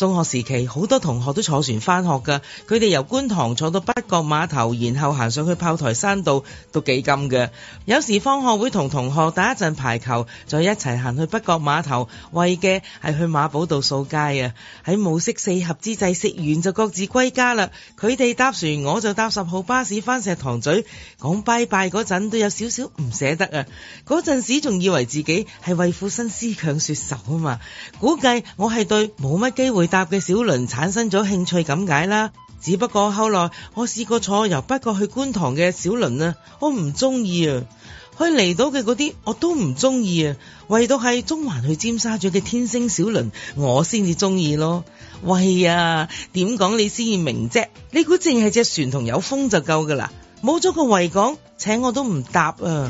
中學時期好多同學都坐船返學㗎，佢哋由觀塘坐到北角碼頭，然後行上去炮台山道都幾金㗎。有時放學會同同學打一陣排球，再一齊行去北角碼頭，為嘅係去馬寶道掃街啊。喺暮色四合之際，食完就各自歸家啦。佢哋搭船，我就搭十號巴士返石塘咀，講拜拜嗰陣都有少少唔捨得啊。嗰陣時仲以為自己係為賦新詞強說愁啊嘛，估計我係對冇乜機會搭嘅小輪產生咗興趣咁解啦，只不過後來我試過坐由北角去觀塘嘅小輪啊，我唔中意啊，去離島嘅嗰啲我都唔中意啊，唯獨係中環去尖沙咀嘅天星小輪我先至中意咯，喂啊，點講你先至明啫？你估淨係隻隻船同有風就夠噶啦，冇咗個維港，請我都唔搭啊。